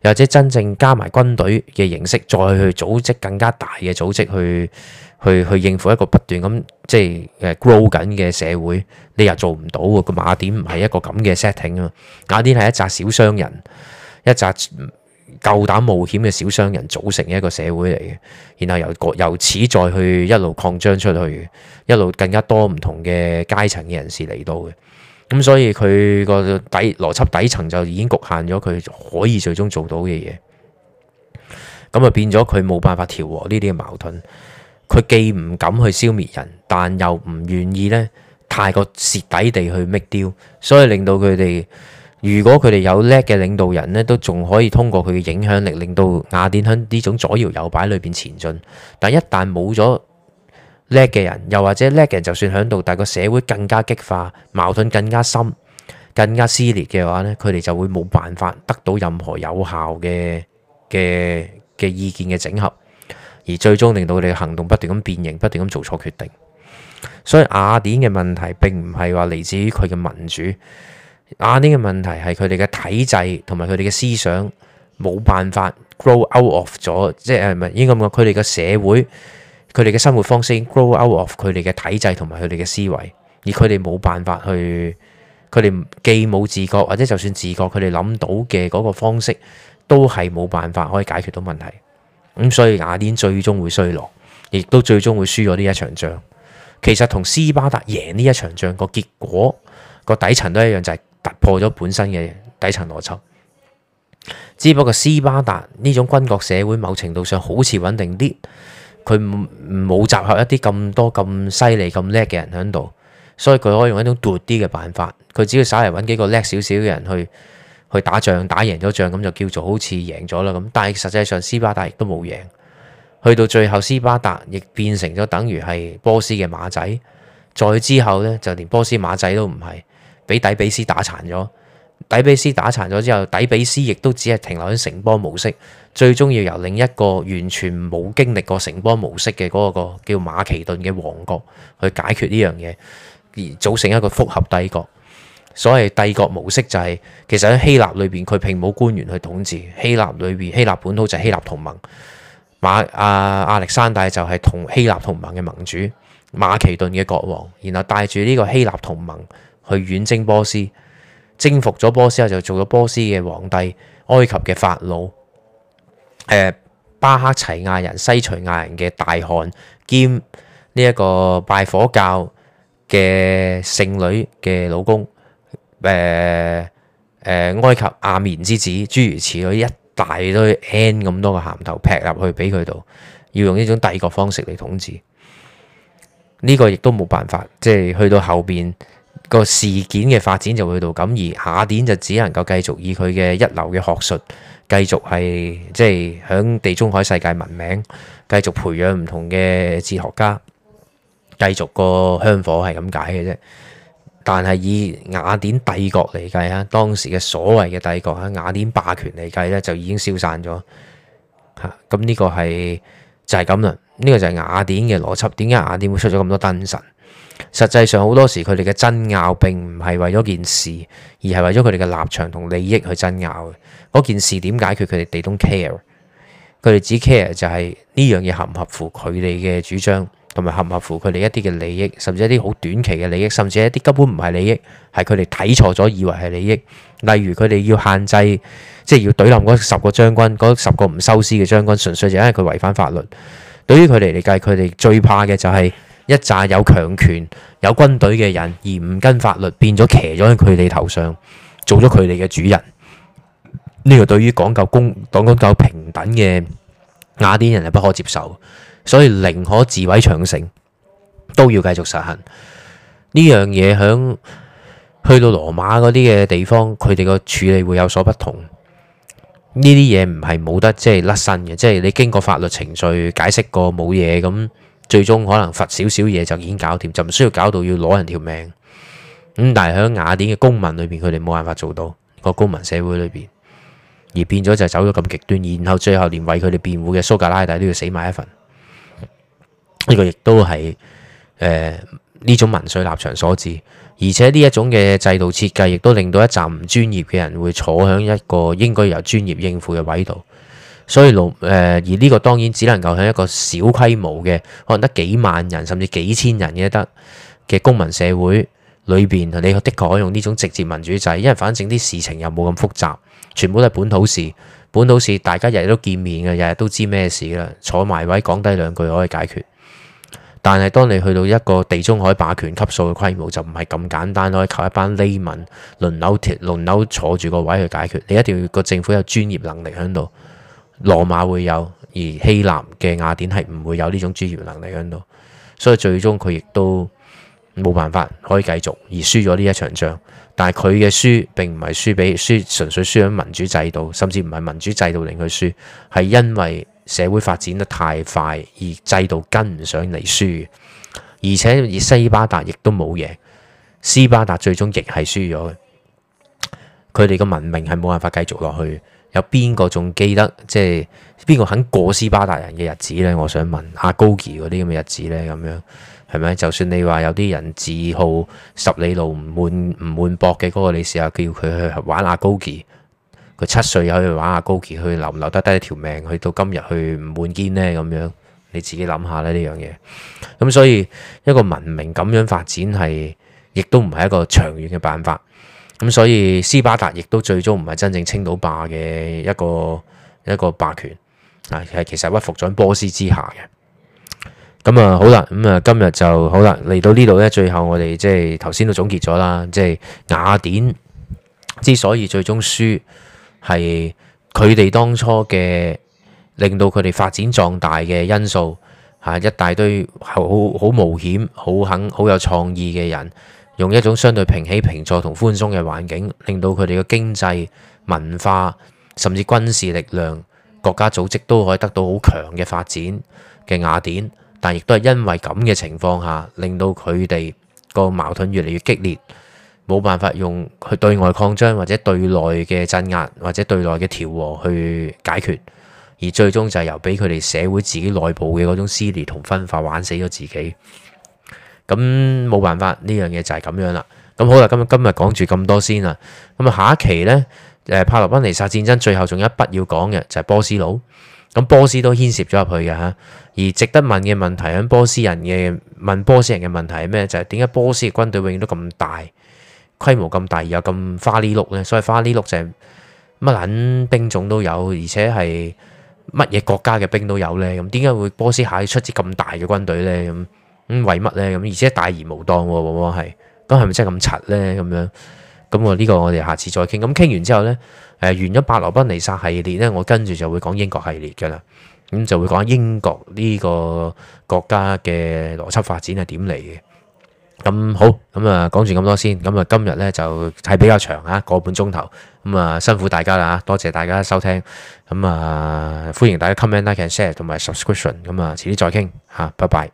又或者真正加埋軍隊嘅形式再去組織更加大嘅組織去去去應付一個不斷咁即係誒、呃、grow 緊嘅社會，你又做唔到喎。個馬甸唔係一個咁嘅 setting 啊嘛，雅典係一紮小商人，一紮。夠膽冒險嘅小商人組成一個社會嚟嘅，然後由由此再去一路擴張出去，一路更加多唔同嘅階層嘅人士嚟到嘅，咁所以佢個底邏輯底層就已經局限咗佢可以最終做到嘅嘢，咁啊變咗佢冇辦法調和呢啲嘅矛盾，佢既唔敢去消滅人，但又唔願意呢太過徹底地去搣掉，所以令到佢哋，如果佢哋有叻嘅領導人呢，都仲可以通過佢嘅影響力，令到雅典喺呢種左搖右擺裏邊前進。但一旦冇咗叻嘅人，又或者叻嘅人就算喺度，但係個社會更加激化，矛盾更加深、更加撕裂嘅話呢，佢哋就會冇辦法得到任何有效嘅嘅嘅意見嘅整合，而最終令到你嘅行動不斷咁變形，不斷咁做錯決定。所以雅典嘅問題並唔係話嚟自於佢嘅民主。雅典嘅問題係佢哋嘅體制同埋佢哋嘅思想冇辦法 grow out of 咗，即係誒，唔係應該咁講，佢哋嘅社會、佢哋嘅生活方式 grow out of 佢哋嘅體制同埋佢哋嘅思維，而佢哋冇辦法去，佢哋既冇自覺，或者就算自覺，佢哋諗到嘅嗰個方式都係冇辦法可以解決到問題。咁所以雅典最終會衰落，亦都最終會輸咗呢一場仗。其實同斯巴達贏呢一場仗個結果個底層都一樣，就係。突破咗本身嘅底層邏輯，只不過斯巴達呢種軍國社會，某程度上好似穩定啲，佢冇集合一啲咁多咁犀利咁叻嘅人喺度，所以佢可以用一種獨啲嘅辦法。佢只要稍微揾幾個叻少少嘅人去去打仗，打贏咗仗咁就叫做好似贏咗啦咁。但係實際上斯巴達亦都冇贏，去到最後斯巴達亦變成咗等於係波斯嘅馬仔。再之後呢，就連波斯馬仔都唔係。俾底比斯打殘咗，底比斯打殘咗之後，底比斯亦都只係停留喺城邦模式，最終要由另一個完全冇經歷過城邦模式嘅嗰、那個叫馬其頓嘅王國去解決呢樣嘢，而組成一個複合帝國。所謂帝國模式就係、是、其實喺希臘裏邊，佢並冇官員去統治希臘裏邊，希臘本土就係希臘同盟，馬、啊、阿亞歷山大就係同希臘同盟嘅盟主馬其頓嘅國王，然後帶住呢個希臘同盟。去遠征波斯，征服咗波斯後就做咗波斯嘅皇帝。埃及嘅法老，誒巴克齊亞人、西徐亞人嘅大汗，兼呢一個拜火教嘅聖女嘅老公，誒誒埃及阿眠之子，諸如此類，一大堆 n 咁多個銜頭劈入去俾佢度，要用呢種帝國方式嚟統治呢、這個，亦都冇辦法，即係去到後邊。個事件嘅發展就會到咁，而雅典就只能夠繼續以佢嘅一流嘅學術，繼續係即係響地中海世界聞名，繼續培養唔同嘅哲學家，繼續個香火係咁解嘅啫。但係以雅典帝國嚟計啊，當時嘅所謂嘅帝國喺雅典霸權嚟計咧，就已經消散咗。嚇、嗯！咁、這、呢個係就係咁啦。呢、這個就係雅典嘅邏輯。點解雅典會出咗咁多燈神？實際上好多時佢哋嘅爭拗並唔係為咗件事，而係為咗佢哋嘅立場同利益去爭拗嘅。嗰件事點解決？佢哋地都唔 care，佢哋只 care 就係呢樣嘢合唔合乎佢哋嘅主張，同埋合唔合乎佢哋一啲嘅利益，甚至一啲好短期嘅利益，甚至一啲根本唔係利益，係佢哋睇錯咗，以為係利益。例如佢哋要限制，即係要懟冧嗰十個將軍，嗰十個唔收屍嘅將軍，純粹就係因為佢違反法律。對於佢哋嚟計，佢哋最怕嘅就係、是。一紮有強權、有軍隊嘅人，而唔跟法律，變咗騎咗喺佢哋頭上，做咗佢哋嘅主人。呢個對於講究公、講究平等嘅雅典人係不可接受，所以寧可自毀長城，都要繼續實行呢樣嘢。響去到羅馬嗰啲嘅地方，佢哋個處理會有所不同。呢啲嘢唔係冇得即係甩身嘅，即係你經過法律程序解釋過冇嘢咁。最終可能罰少少嘢就已經搞掂，就唔需要搞到要攞人條命。咁但係喺雅典嘅公民裏邊，佢哋冇辦法做到、那個公民社會裏邊，而變咗就走咗咁極端，然後最後連為佢哋辯護嘅蘇格拉底都要死埋一份。呢、這個亦都係誒呢種民粹立場所致，而且呢一種嘅制度設計亦都令到一紮唔專業嘅人會坐喺一個應該由專業應付嘅位度。所以老而呢個當然只能夠喺一個小規模嘅，可能得幾萬人甚至幾千人嘅得嘅公民社會裏邊，你的確可以用呢種直接民主制，因為反正啲事情又冇咁複雜，全部都係本土事，本土事大家日日都見面嘅，日日都知咩事啦，坐埋位講低兩句可以解決。但係當你去到一個地中海霸權級數嘅規模，就唔係咁簡單可以靠一班 layman 輪流貼輪流坐住個位去解決。你一定要個政府有專業能力喺度。羅馬會有，而希臘嘅雅典係唔會有呢種資源能力喺度，所以最終佢亦都冇辦法可以繼續而輸咗呢一場仗。但係佢嘅輸並唔係輸俾輸，純粹輸喺民主制度，甚至唔係民主制度令佢輸，係因為社會發展得太快而制度跟唔上嚟輸。而且而西巴達亦都冇贏，斯巴達最終亦係輸咗，佢哋嘅文明係冇辦法繼續落去。有邊個仲記得即係邊個肯過斯巴達人嘅日子呢？我想問阿、啊、高奇嗰啲咁嘅日子呢？咁樣係咪？就算你話有啲人自豪十里路唔悶唔悶搏嘅、那個，嗰個你試下叫佢去玩阿、啊、高奇，佢七歲可以玩阿、啊、高奇，佢留唔留得低一條命去到今日去唔悶肩呢？咁樣你自己諗下咧呢樣嘢。咁所以一個文明咁樣發展係亦都唔係一個長遠嘅辦法。咁所以斯巴達亦都最終唔係真正青島霸嘅一個一個霸權，啊，其實屈服咗喺波斯之下嘅。咁啊好啦，咁、嗯、啊今日就好啦，嚟到呢度呢，最後我哋即係頭先都總結咗啦，即、就、係、是、雅典之所以最終輸，係佢哋當初嘅令到佢哋發展壯大嘅因素，嚇一大堆好好冒險、好肯、好有創意嘅人。用一種相對平起平坐同寬鬆嘅環境，令到佢哋嘅經濟、文化甚至軍事力量、國家組織都可以得到好強嘅發展嘅雅典，但亦都係因為咁嘅情況下，令到佢哋個矛盾越嚟越激烈，冇辦法用佢對外擴張或者對內嘅鎮壓或者對內嘅調和去解決，而最終就係由俾佢哋社會自己內部嘅嗰種撕裂同分化玩死咗自己。咁冇辦法，呢樣嘢就係咁樣啦。咁好啦，今今日講住咁多先啦。咁啊，下一期呢，誒，帕洛班尼撒戰爭最後仲有一筆要講嘅就係、是、波斯佬。咁波斯都牽涉咗入去嘅吓。而值得問嘅問題喺波斯人嘅問波斯人嘅問題係咩？就係點解波斯嘅軍隊永遠都咁大規模咁大，而又咁花哩碌咧？所謂花哩碌就乜、是、捻兵種都有，而且係乜嘢國家嘅兵都有咧。咁點解會波斯下出支咁大嘅軍隊咧？咁？嗯，為乜呢？咁而且大而無當、啊，往往係咁，係咪真係咁柒呢？咁樣咁我呢個我哋下次再傾。咁傾完之後呢，誒、呃，完咗《伯羅奔尼撒》系列呢，我跟住就會講英國系列噶啦。咁、嗯、就會講英國呢個國家嘅邏輯發展係點嚟嘅。咁、嗯、好咁啊，講住咁多先。咁、嗯、啊，今日呢就係比較長啊，個半鐘頭咁啊，辛苦大家啦，多謝大家收聽。咁、嗯、啊，歡迎大家 comment、like、share 同埋 subscription。咁啊，遲啲再傾吓，拜拜。